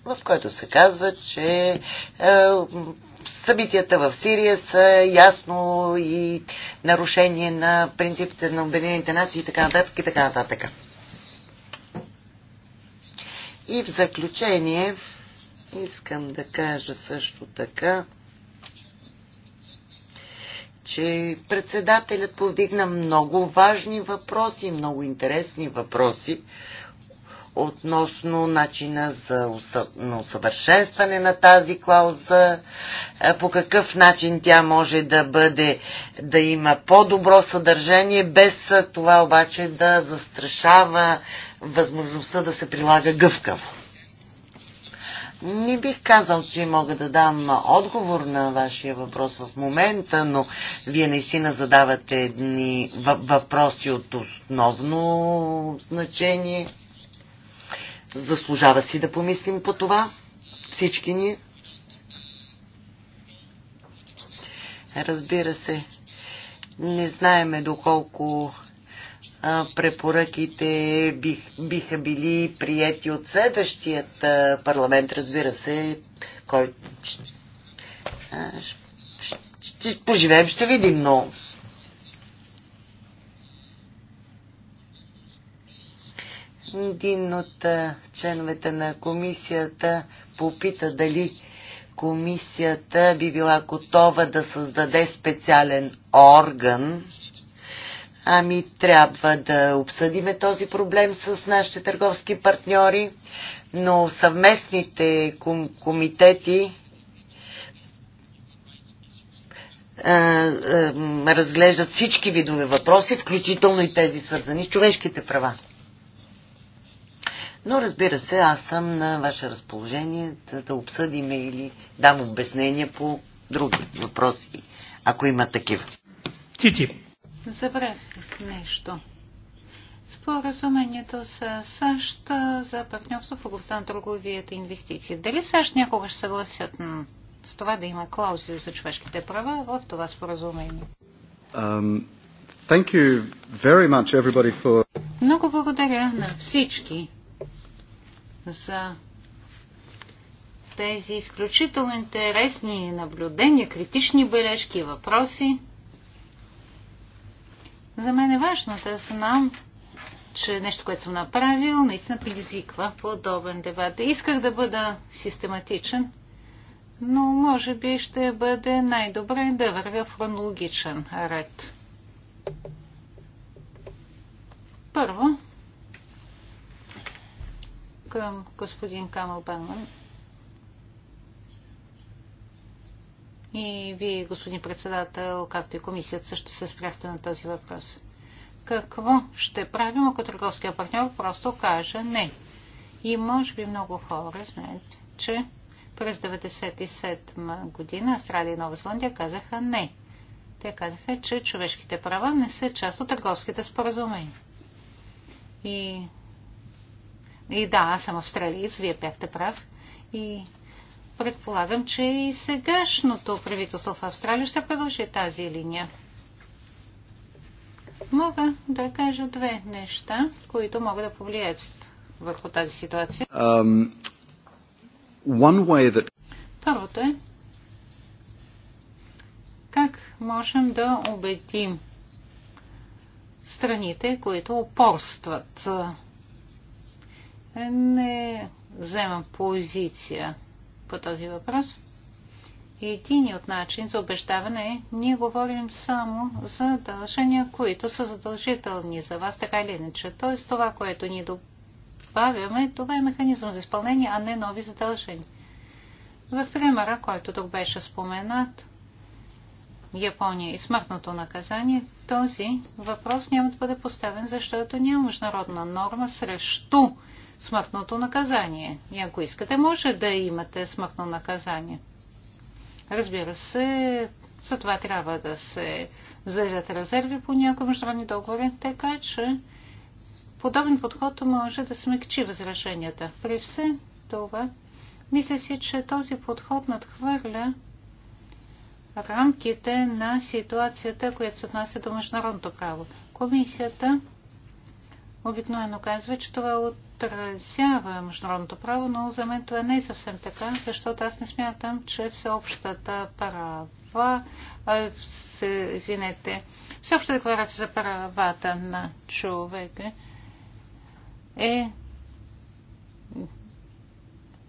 в който се казва, че събитията в Сирия са ясно и нарушение на принципите на Обединените нации и така нататък и така нататък. И в заключение искам да кажа също така, че председателят повдигна много важни въпроси, много интересни въпроси, относно начина за усъвършенстване на тази клауза, е, по какъв начин тя може да бъде, да има по-добро съдържание, без това обаче да застрашава възможността да се прилага гъвкаво. Не бих казал, че мога да дам отговор на вашия въпрос в момента, но вие наистина задавате едни въпроси от основно значение. Заслужава си да помислим по това всички ние. Разбира се, не знаеме доколко препоръките бих, биха били прияти от следващият парламент, разбира се, който ще, ще поживеем, ще видим, но Един от членовете на комисията попита дали комисията би била готова да създаде специален орган. Ами трябва да обсъдиме този проблем с нашите търговски партньори, но съвместните ком- комитети разглеждат всички видове въпроси, включително и тези свързани с човешките права. Но разбира се, аз съм на ваше разположение да, да обсъдиме или дам обяснения по други въпроси, ако има такива. Цити. Забрах нещо. Споразумението с САЩ за партньорство в областта на търговията и инвестиции. Дали САЩ някога ще съгласят с това да има клаузи за човешките права в това споразумение? Um, thank you very much everybody for... Много благодаря на всички за тези изключително интересни наблюдения, критични бележки, въпроси. За мен е важно да знам, че нещо, което съм направил, наистина предизвиква подобен дебат. Исках да бъда систематичен, но може би ще бъде най-добре да вървя в хронологичен ред. Първо, към господин Камал Бенман. И вие, господин председател, както и комисията, също се спряхте на този въпрос. Какво ще правим, ако търговския партньор просто каже не? И може би много хора знаят, че през 1997 година Австралия и Нова Зеландия казаха не. Те казаха, че човешките права не са част от търговските споразумения. И и да, аз съм австралиец, вие бяхте прав. И предполагам, че и сегашното правителство в Австралия ще продължи тази линия. Мога да кажа две неща, които могат да повлияят върху тази ситуация. Um, one way that... Първото е как можем да убедим страните, които упорстват не взема позиция по този въпрос. Единият начин за убеждаване е ние говорим само за задължения, които са задължителни за вас, така или иначе. Тоест това, което ни добавяме, това е механизъм за изпълнение, а не нови задължения. В примера, който тук беше споменат, Япония и смъртното наказание, този въпрос няма да бъде поставен, защото няма международна норма срещу смъртното наказание. И ако искате, може да имате смъртно наказание. Разбира се, за това трябва да се заявят резерви по някои международни договори, така че подобен подход може да смекчи възраженията. При все това, мисля си, че този подход надхвърля рамките на ситуацията, която се отнася до международното право. Комисията обикновено казва, че това е от отразява международното право, но за мен това не е съвсем така, защото аз не смятам, че всеобщата права, се, извинете, всеобща декларация за правата на човека е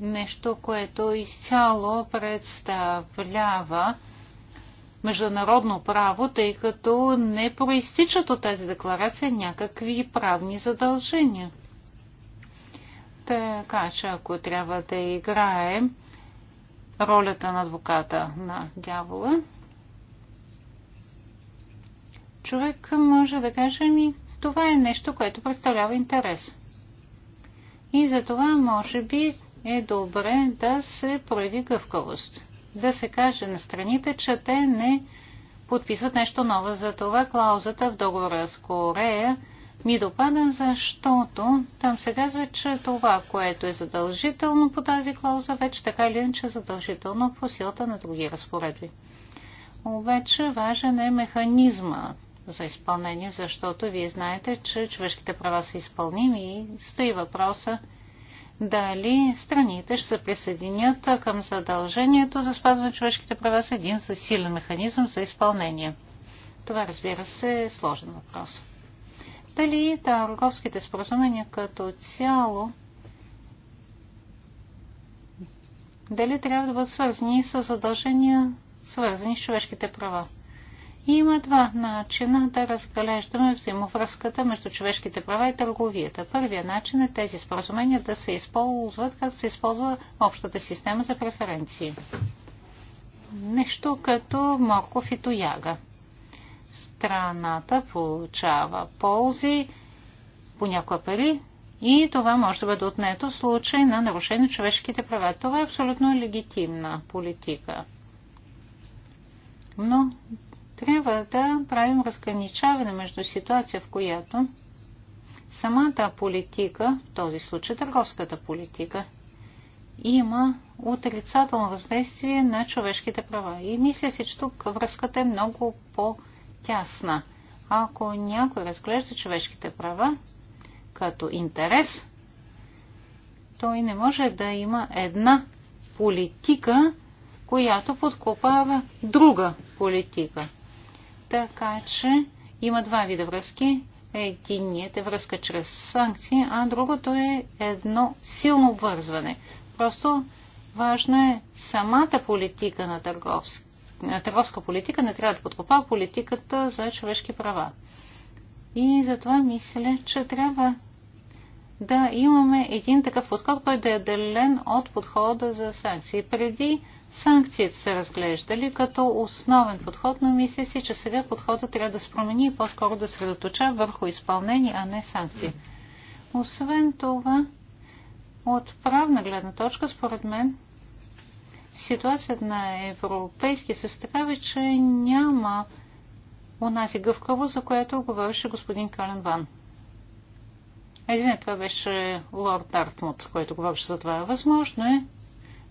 нещо, което изцяло представлява международно право, тъй като не проистичат от тази декларация някакви правни задължения. Така че ако трябва да играе ролята на адвоката на дявола, човек може да каже ми, това е нещо, което представлява интерес. И за това може би е добре да се прояви гъвкавост. Да се каже на страните, че те не подписват нещо ново. За това клаузата в договора с Корея – ми допада, защото там се казва, че това, което е задължително по тази клауза, вече така или иначе е задължително по силата на други разпоредби. Обаче важен е механизма за изпълнение, защото вие знаете, че човешките права са изпълними и стои въпроса дали страните ще се присъединят към задължението за спазване на човешките права с един засилен механизъм за изпълнение. Това, разбира се, е сложен въпрос дали търговските споразумения като цяло дали трябва да бъдат свързани с задължения, свързани с човешките права. И има два начина да разглеждаме взаимовръзката между човешките права и търговията. Първият начин е тези споразумения да се използват, както се използва общата система за преференции. Нещо като морков и тояга – страната получава ползи, по някоя пари, и това може да бъде отнето в случай на нарушение на човешките права. Това е абсолютно легитимна политика. Но трябва да правим разграничаване между ситуация, в която самата политика, в този случай търговската политика, има отрицателно въздействие на човешките права. И мисля си, че тук връзката е много по- тясна. Ако някой разглежда човешките права като интерес, той не може да има една политика, която подкопава друга политика. Така че има два вида връзки. Единият е връзка чрез санкции, а другото е едно силно вързване. Просто важно е самата политика на търговски търговска политика не трябва да подкопава политиката за човешки права. И затова мисля, че трябва да имаме един такъв подход, който да е отделен от подхода за санкции. Преди санкциите се разглеждали като основен подход, но мисля си, че сега подхода трябва да се промени и по-скоро да се върху изпълнение, а не санкции. Освен това, от правна гледна точка, според мен, ситуацията на Европейския съюз е такава, че няма унази гъвкаво, за което говореше господин Ван. Извинете, това беше лорд Дартмут, който говореше за това. Възможно е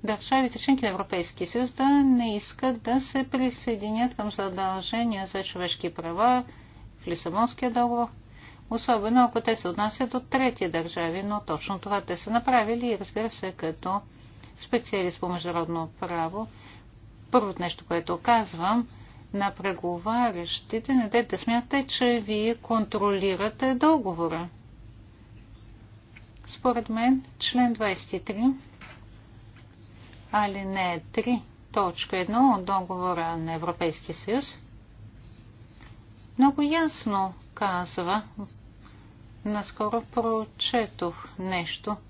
държавите членки на Европейския съюз да не искат да се присъединят към задължения за човешки права в Лисабонския договор, особено ако те се отнасят до трети държави, но точно това те са направили и разбира се, като специалист по международно право, първото нещо, което казвам на преговарящите, не дайте да смятате, че вие контролирате договора. Според мен, член 23, али не 3, точка 1 от договора на Европейския съюз, много ясно казва, наскоро прочетох нещо –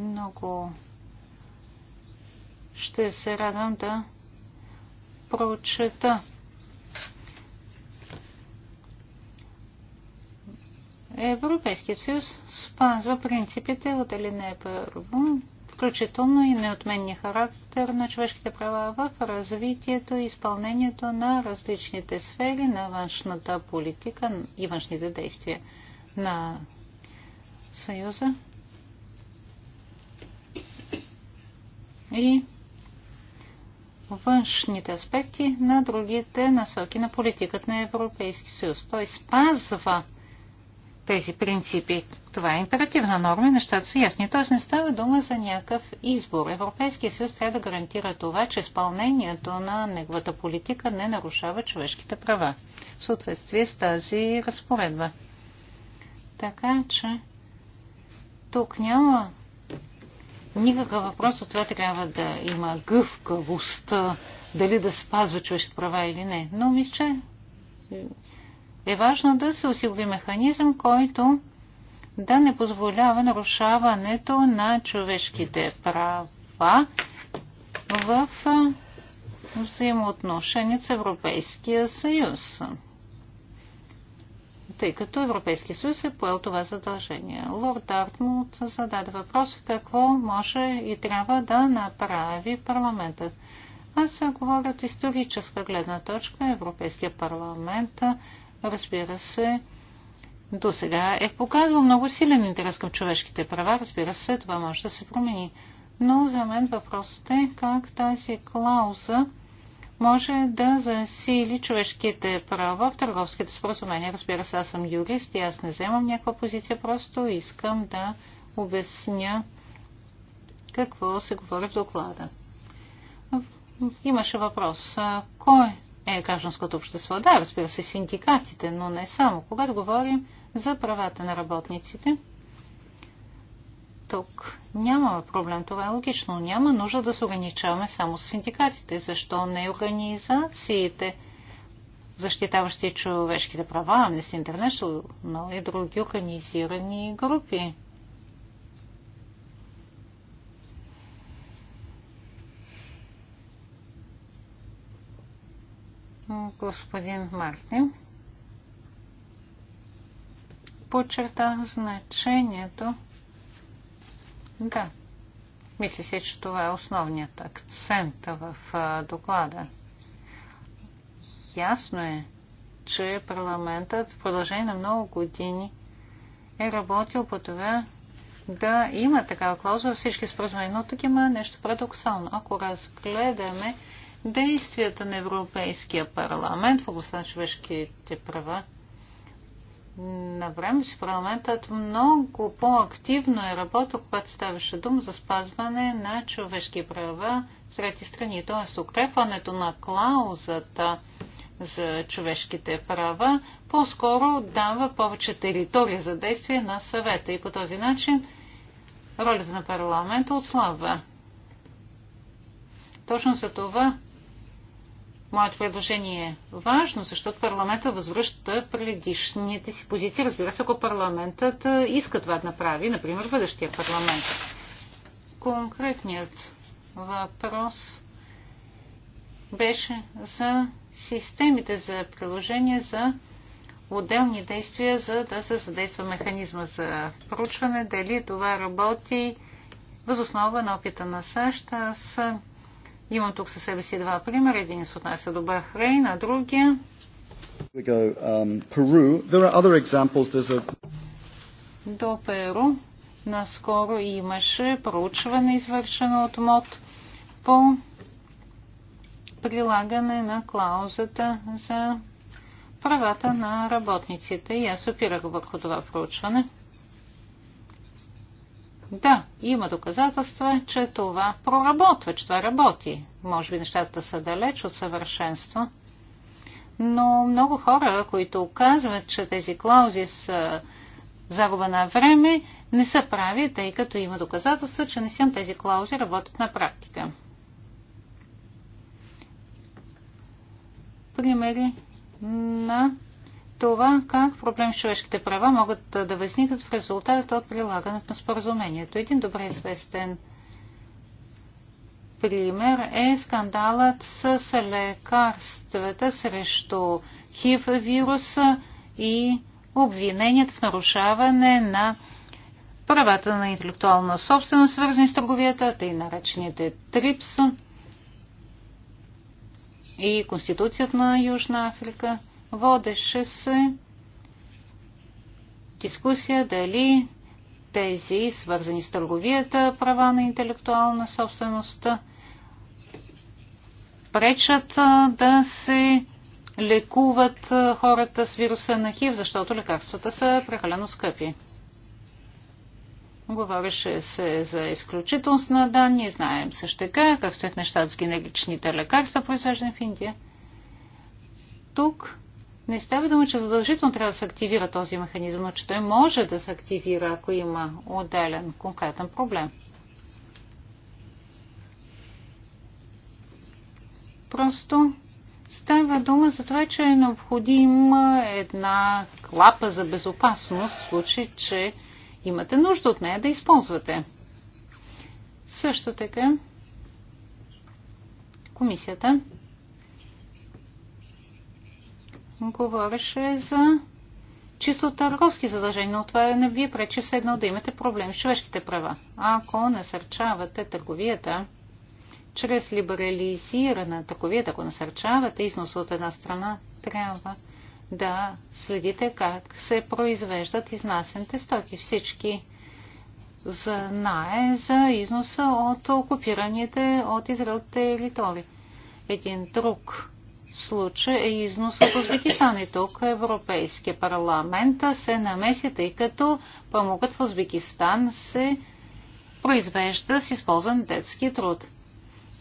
Много ще се радвам да прочета Европейският съюз спазва принципите от Елине Първо, включително и неотменния характер на човешките права в развитието и изпълнението на различните сфери на външната политика и външните действия на Съюза. и външните аспекти на другите насоки на политиката на Европейски съюз. Той спазва тези принципи. Това е императивна норма и нещата са ясни. Т.е. не става дума за някакъв избор. Европейския съюз трябва да гарантира това, че изпълнението на неговата политика не нарушава човешките права в съответствие с тази разпоредба. Така че тук няма никакъв въпрос, от това трябва да има гъвкавост, дали да спазва човешки права или не. Но мисля, че е важно да се осигури механизъм, който да не позволява нарушаването на човешките права в взаимоотношения с Европейския съюз тъй като Европейския съюз е поел това задължение. Лорд Дартмут зададе въпрос какво може и трябва да направи парламентът. Аз се говоря от историческа гледна точка. Европейския парламент, разбира се, до сега е показвал много силен интерес към човешките права. Разбира се, това може да се промени. Но за мен въпросът е как тази клауза може да засили човешките права в търговските споразумения. Разбира се, аз съм юрист и аз не вземам някаква позиция, просто искам да обясня какво се говори в доклада. Имаше въпрос. Кой е гражданското общество? Да, разбира се, синдикатите, но не само. Когато говорим за правата на работниците, тук няма проблем, това е логично. Няма нужда да се ограничаваме само с синдикатите. Защо не организациите, защитаващи човешките права, Amnesty International и други организирани групи? господин Мартин подчерта значението да. Мисля си, че това е основният акцент в доклада. Ясно е, че парламентът в продължение на много години е работил по това да има такава клауза във всички споразумения. Но тук има нещо парадоксално. Ако разгледаме действията на Европейския парламент в областта на човешките права, на време, си парламентът много по-активно е работил, когато ставаше дум за спазване на човешки права в трети страни. Тоест, укрепването на клаузата за човешките права по-скоро дава повече територия за действие на съвета и по този начин ролята на парламента отслабва. Точно за това Моето предложение е важно, защото парламента възвръща предишните си позиции. Разбира се, ако парламентът иска това да направи, например, бъдещия парламент. Конкретният въпрос беше за системите за приложение за отделни действия, за да се задейства механизма за проучване, дали това работи възоснова на опита на САЩ. Аз Имам тук със себе си два примера. Един се отнася до Бахрейн, а другия... Um, до Перу наскоро имаше проучване, извършено от МОД по прилагане на клаузата за правата на работниците. И аз опирах върху това проучване да, има доказателства, че това проработва, че това работи. Може би нещата са далеч от съвършенство, но много хора, които казват, че тези клаузи са загуба на време, не са прави, тъй като има доказателства, че не си тези клаузи работят на практика. Примери на това как проблем с човешките права могат да възникнат в резултат от прилагането на споразумението. Един добре известен пример е скандалът с лекарствата срещу хив вируса и обвиненият в нарушаване на правата на интелектуална собственост, свързани с търговията, и наречените ТРИПС и Конституцията на Южна Африка – Водеше се дискусия дали тези, свързани с търговията, права на интелектуална собственост, пречат да се лекуват хората с вируса на ХИВ, защото лекарствата са прекалено скъпи. Говореше се за изключителност на данни. Знаем също така как стоят нещата с генеричните лекарства, произвеждани в Индия. Тук не става дума, че задължително трябва да се активира този механизъм, но че той може да се активира, ако има отделен конкретен проблем. Просто става дума за това, че е необходима една клапа за безопасност, в случай, че имате нужда от нея да използвате. Също така, комисията говореше за чисто търговски задължения, но това не ви е пречи все едно да имате проблем с човешките права. Ако насърчавате търговията, чрез либерализирана търговията, ако насърчавате износ от една страна, трябва да следите как се произвеждат изнасените стоки. Всички знае за износа от окупираните от Израел територии. Един друг случай е износ от Узбекистан и тук Европейския парламент се намеси, тъй като памукът в Узбекистан се произвежда с използван детски труд.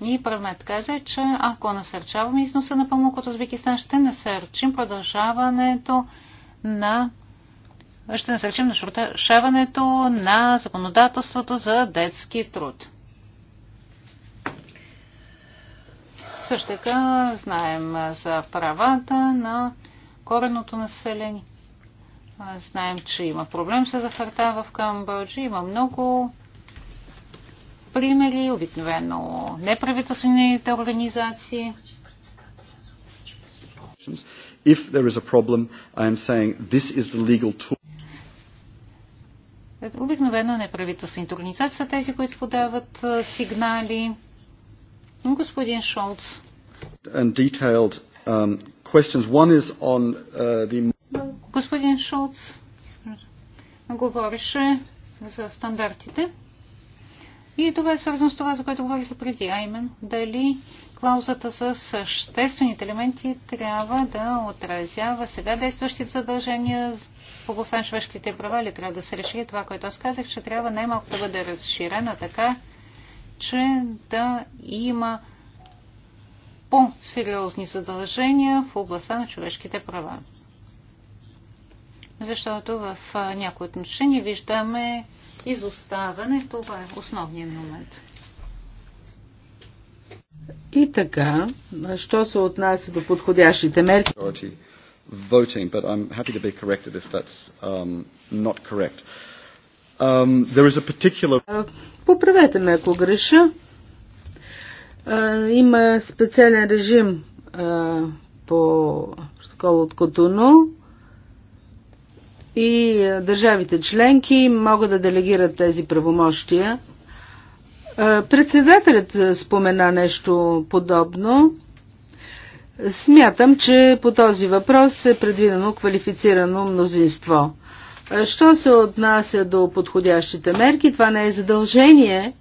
И предмет каза, че ако насърчаваме износа на памук от Узбекистан, ще насърчим продължаването на ще насърчим нашаването на законодателството за детски труд. Също така знаем за правата на коренното население. Знаем, че има проблем с захарта в Камбоджи. Има много примери, обикновено неправителствените организации. If there is a problem, I am saying this is the legal tool. Обикновено неправителствените организации са тези, които подават сигнали Господин Шолц. Um, uh, Господин Шолц говореше за стандартите. И това е свързано с това, за което говорих преди, а именно дали клаузата за съществените елементи трябва да отразява сега действащите задължения в областта на човешките права или трябва да се реши това, което аз казах, че трябва най-малко да бъде разширена така, че да има по-сериозни задължения в областта на човешките права. Защото в някои отношения виждаме изоставане. Това е основният момент. И така, що се отнася до подходящите мерки? Voting, but I'm happy to be corrected if that's um, not correct. Um, there is a particular... Поправете ме, ако греша. Има специален режим по протокол от Котуно и държавите членки могат да делегират тези правомощия. Председателят спомена нещо подобно. Смятам, че по този въпрос е предвидено квалифицирано мнозинство. Що се отнася до подходящите мерки, това не е задължение.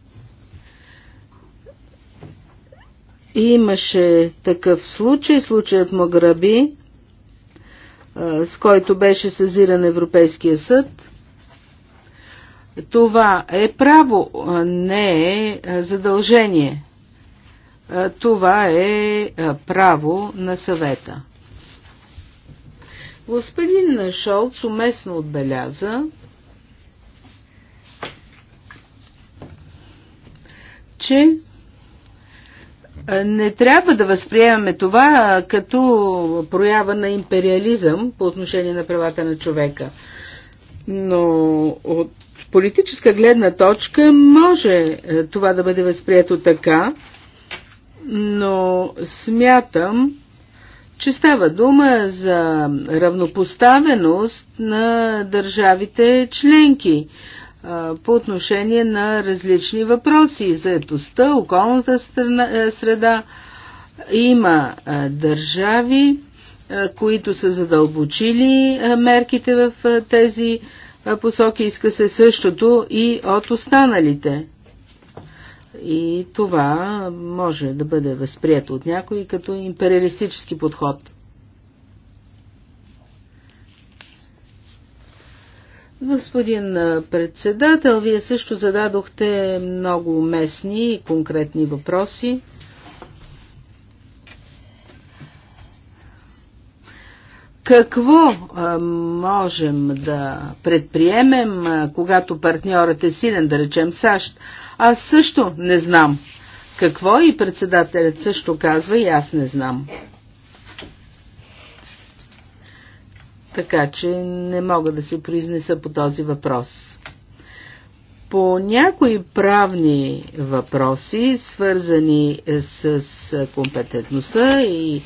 Имаше такъв случай, случаят граби, с който беше сезиран Европейския съд. Това е право, не е задължение. Това е право на съвета. Господин Шолц уместно отбеляза, че не трябва да възприемаме това като проява на империализъм по отношение на правата на човека. Но от политическа гледна точка може това да бъде възприето така, но смятам, че става дума за равнопоставеност на държавите членки по отношение на различни въпроси. Заедостта, околната е, среда. Има е, държави, е, които са задълбочили мерките в тези посоки. Иска се същото и от останалите. И това може да бъде възприето от някой като империалистически подход. Господин председател, вие също зададохте много местни и конкретни въпроси. Какво можем да предприемем, когато партньорът е силен, да речем САЩ? Аз също не знам какво и председателят също казва и аз не знам. Така че не мога да се произнеса по този въпрос. По някои правни въпроси, свързани с компетентността и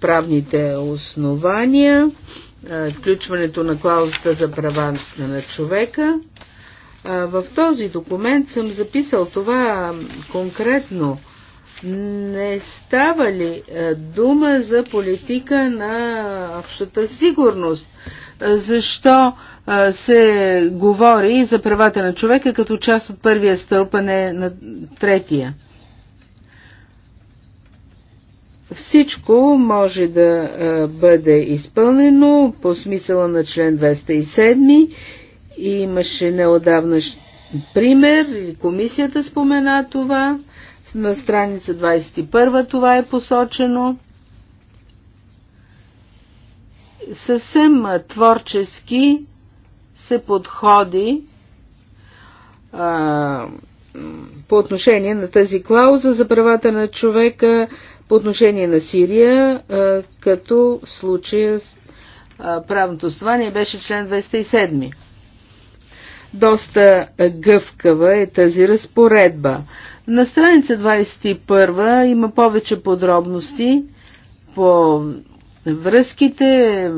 правните основания, включването на клаузата за права на човека, в този документ съм записал това конкретно. Не става ли е, дума за политика на общата сигурност? Защо се говори за правата на човека като част от първия стълб, а не на третия? Всичко може да бъде изпълнено по смисъла на член 207 и имаше неодавна пример, и комисията спомена това, на страница 21 това е посочено. Съвсем творчески се подходи а, по отношение на тази клауза за правата на човека по отношение на Сирия, а, като в случая а, правното основание беше член 207. Доста гъвкава е тази разпоредба. На страница 21 има повече подробности по връзките,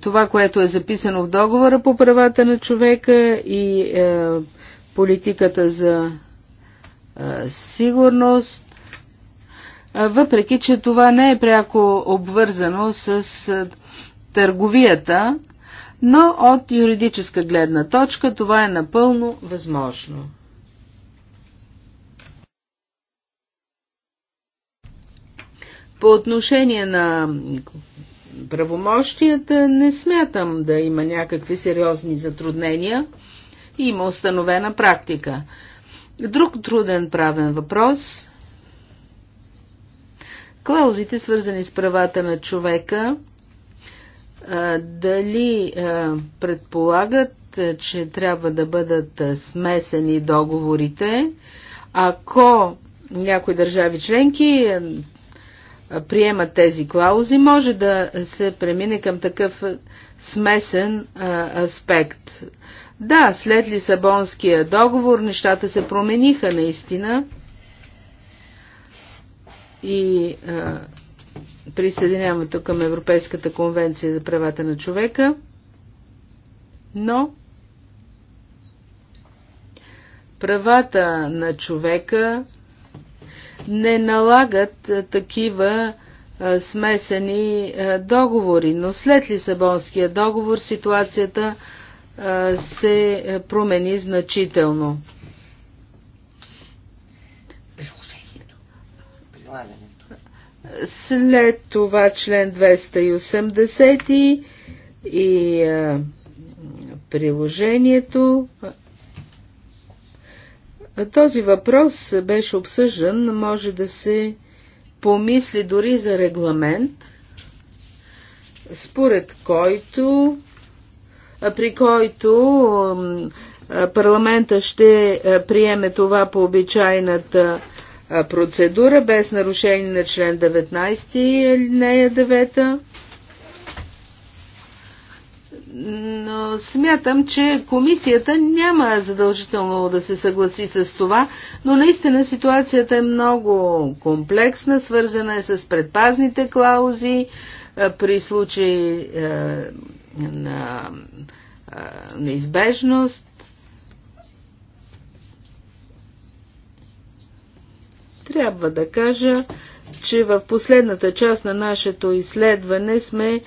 това, което е записано в договора по правата на човека и е, политиката за е, сигурност, въпреки че това не е пряко обвързано с е, търговията, но от юридическа гледна точка това е напълно възможно. По отношение на правомощията не смятам да има някакви сериозни затруднения. Има установена практика. Друг труден правен въпрос. Клаузите, свързани с правата на човека, дали предполагат, че трябва да бъдат смесени договорите, ако някои държави членки приемат тези клаузи, може да се премине към такъв смесен аспект. Да, след Лисабонския договор нещата се промениха наистина и тук към Европейската конвенция за правата на човека, но правата на човека не налагат такива смесени договори, но след Лисабонския договор ситуацията се промени значително. Приложението. Прилагане. След това член 280 и приложението. Този въпрос беше обсъждан, може да се помисли дори за регламент, според който, при който парламента ще приеме това по обичайната процедура без нарушение на член 19 нея 9. Но смятам, че комисията няма задължително да се съгласи с това, но наистина ситуацията е много комплексна, свързана е с предпазните клаузи при случай е, на е, неизбежност Трябва да кажа, че в последната част на нашето изследване сме е,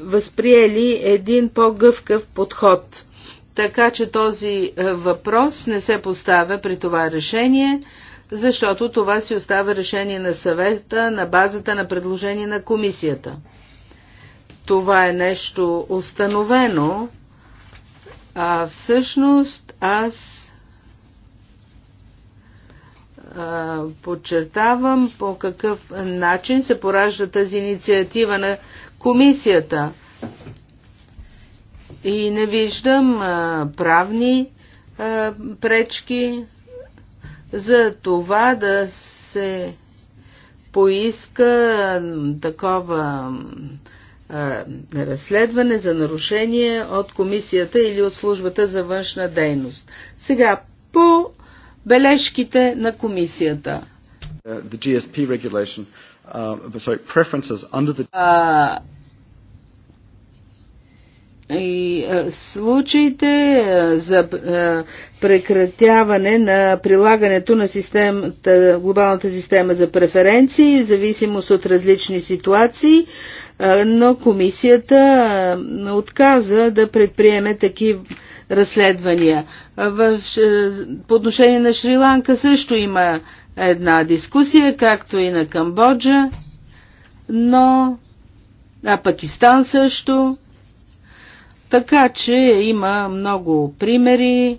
възприели един по-гъвкав подход. Така че този е, въпрос не се поставя при това решение, защото това си остава решение на съвета на базата на предложение на комисията. Това е нещо установено, а всъщност аз подчертавам по какъв начин се поражда тази инициатива на комисията. И не виждам а, правни а, пречки за това да се поиска такова а, разследване за нарушение от комисията или от службата за външна дейност. Сега по бележките на комисията. Uh, uh, и случаите за прекратяване на прилагането на системата, глобалната система за преференции, в зависимост от различни ситуации, но комисията отказа да предприеме такива разследвания. В, е, по отношение на Шри-Ланка също има една дискусия, както и на Камбоджа, но а Пакистан също. Така че има много примери, е,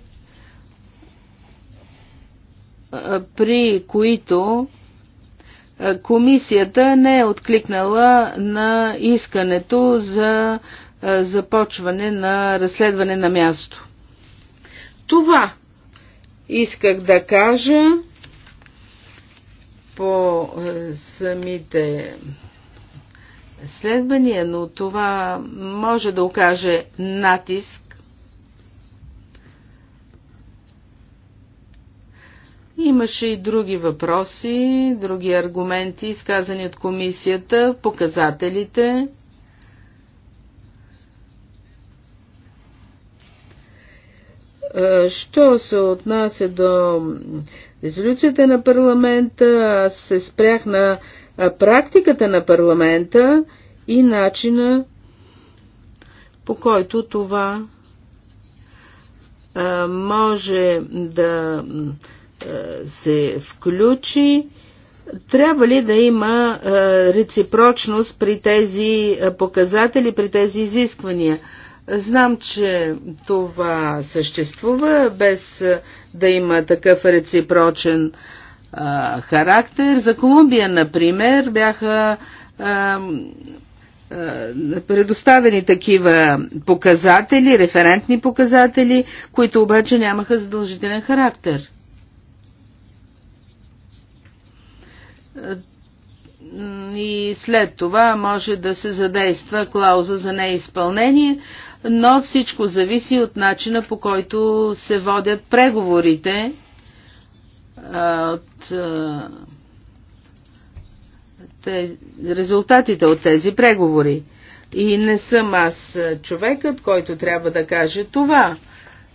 при които е, комисията не е откликнала на искането за започване на разследване на място. Това исках да кажа по е, самите следвания, но това може да окаже натиск. Имаше и други въпроси, други аргументи, изказани от комисията, показателите. Е, що се отнася до резолюцията на парламента, аз се спрях на е, практиката на парламента и начина по който това е, може да се включи. Трябва ли да има реципрочност при тези показатели, при тези изисквания? Знам, че това съществува без да има такъв реципрочен а, характер. За Колумбия, например, бяха а, предоставени такива показатели, референтни показатели, които обаче нямаха задължителен характер. И след това може да се задейства клауза за неизпълнение, но всичко зависи от начина по който се водят преговорите от тези, резултатите от тези преговори. И не съм аз човекът, който трябва да каже това.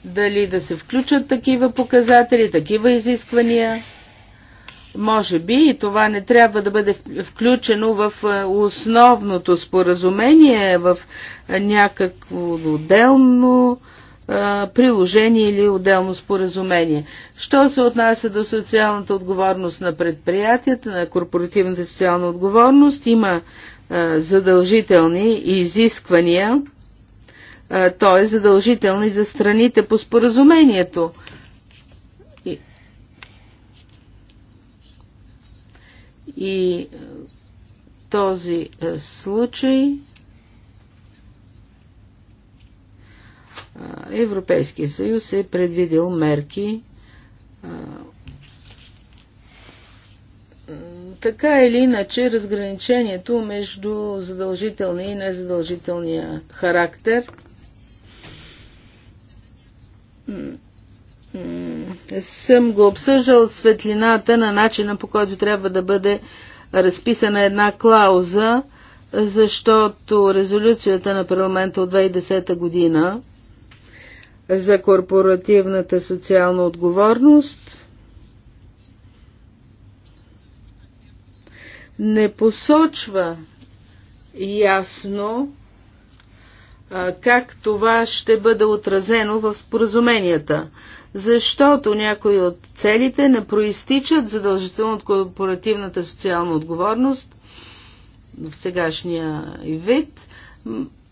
Дали да се включат такива показатели, такива изисквания може би и това не трябва да бъде включено в е, основното споразумение, в е, някакво отделно е, приложение или отделно споразумение. Що се отнася до социалната отговорност на предприятията, на корпоративната социална отговорност, има задължителни изисквания, т.е. задължителни за страните по споразумението. И е, този е, случай е, Европейския съюз е предвидил мерки така или иначе разграничението между задължителния и незадължителния характер съм го обсъждал светлината на начина по който трябва да бъде разписана една клауза, защото резолюцията на парламента от 2010 година за корпоративната социална отговорност не посочва ясно как това ще бъде отразено в споразуменията защото някои от целите не проистичат задължително от корпоративната социална отговорност в сегашния вид.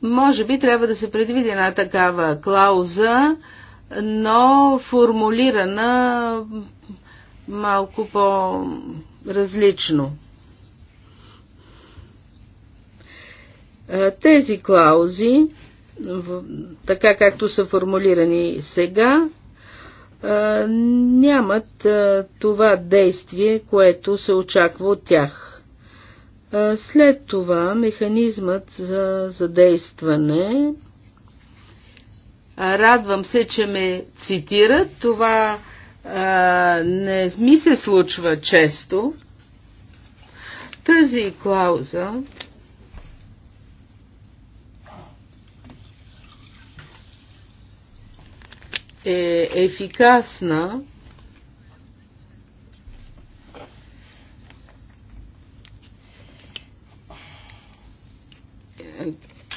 Може би трябва да се предвиди една такава клауза, но формулирана малко по-различно. Тези клаузи, така както са формулирани сега, нямат това действие, което се очаква от тях. След това механизмът за задействане. Радвам се, че ме цитират. Това а, не ми се случва често. Тази клауза е ефикасна,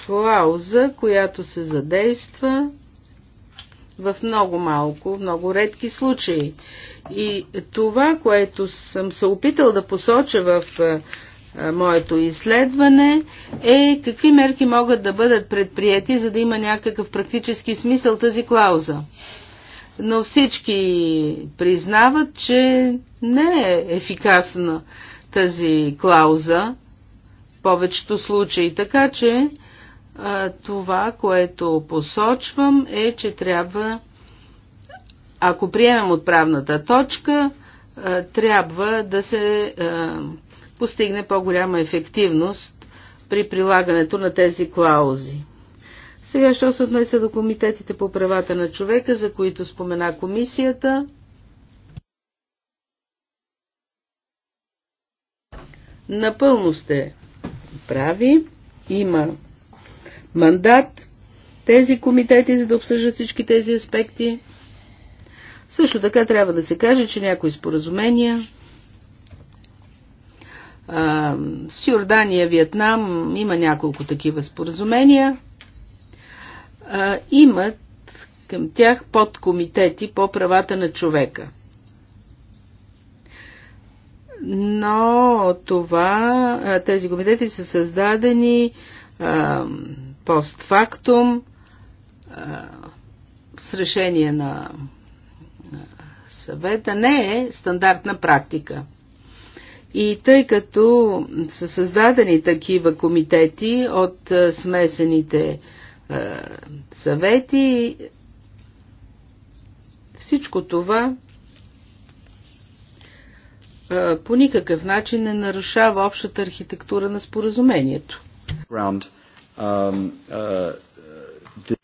клауза, която се задейства в много малко, в много редки случаи. И това, което съм се опитал да посоча в моето изследване е какви мерки могат да бъдат предприяти, за да има някакъв практически смисъл тази клауза. Но всички признават, че не е ефикасна тази клауза в повечето случаи. Така че това, което посочвам е, че трябва, ако приемем отправната точка, трябва да се постигне по-голяма ефективност при прилагането на тези клаузи. Сега, що се отнесе до комитетите по правата на човека, за които спомена комисията, напълно сте прави. Има мандат тези комитети, за да обсъждат всички тези аспекти. Също така трябва да се каже, че някои споразумения с Йордания, Виетнам, има няколко такива споразумения, а, имат към тях подкомитети по правата на човека. Но това, тези комитети са създадени а, постфактум а, с решение на съвета. Не е стандартна практика. И тъй като са създадени такива комитети от смесените съвети, всичко това по никакъв начин не нарушава общата архитектура на споразумението. Um, uh,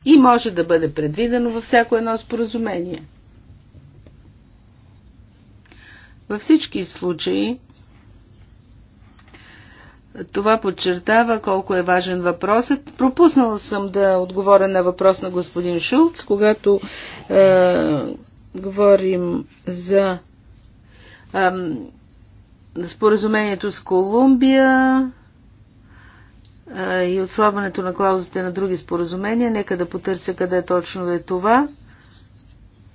И може да бъде предвидено във всяко едно споразумение. Във всички случаи това подчертава колко е важен въпросът. Пропуснала съм да отговоря на въпрос на господин Шулц, когато е, говорим за е, споразумението с Колумбия е, и отслабването на клаузите на други споразумения. Нека да потърся къде точно е това.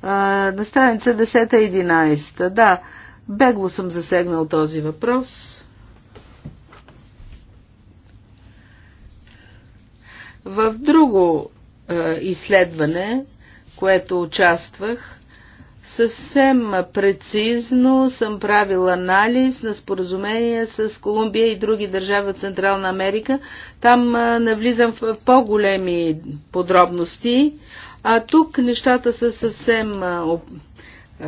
Е, на страница 10-11. Да, бегло съм засегнал този въпрос. В друго е, изследване, което участвах, съвсем прецизно съм правил анализ на споразумения с Колумбия и други държави от Централна Америка. Там е, навлизам в по-големи подробности, а тук нещата са съвсем е, е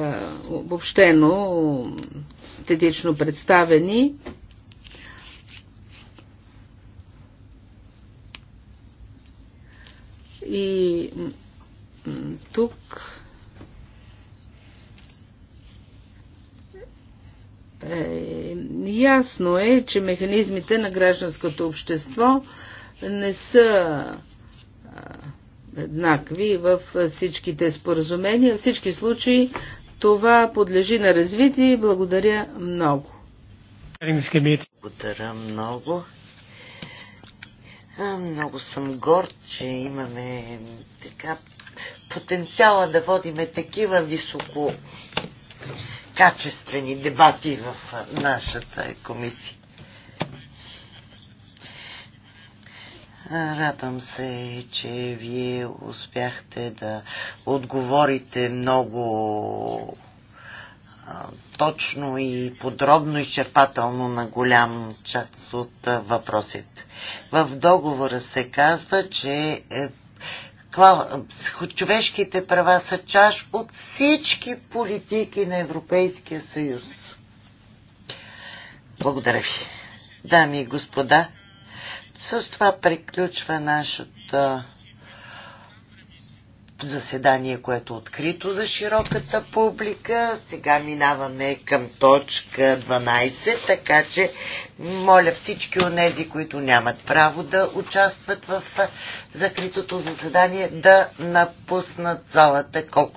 обобщено, стетично представени. И тук е, ясно е, че механизмите на гражданското общество не са еднакви в всичките споразумения. В всички случаи това подлежи на развитие и благодаря много. Благодаря много. Много съм горд, че имаме така потенциала да водиме такива високо качествени дебати в нашата комисия. Радвам се, че вие успяхте да отговорите много точно и подробно изчерпателно на голям част от въпросите. В договора се казва, че е, човешките права са чаш от всички политики на Европейския съюз. Благодаря ви. Дами и господа, с това приключва нашата заседание, което е открито за широката публика. Сега минаваме към точка 12, така че моля всички от тези, които нямат право да участват в закритото заседание, да напуснат залата колкото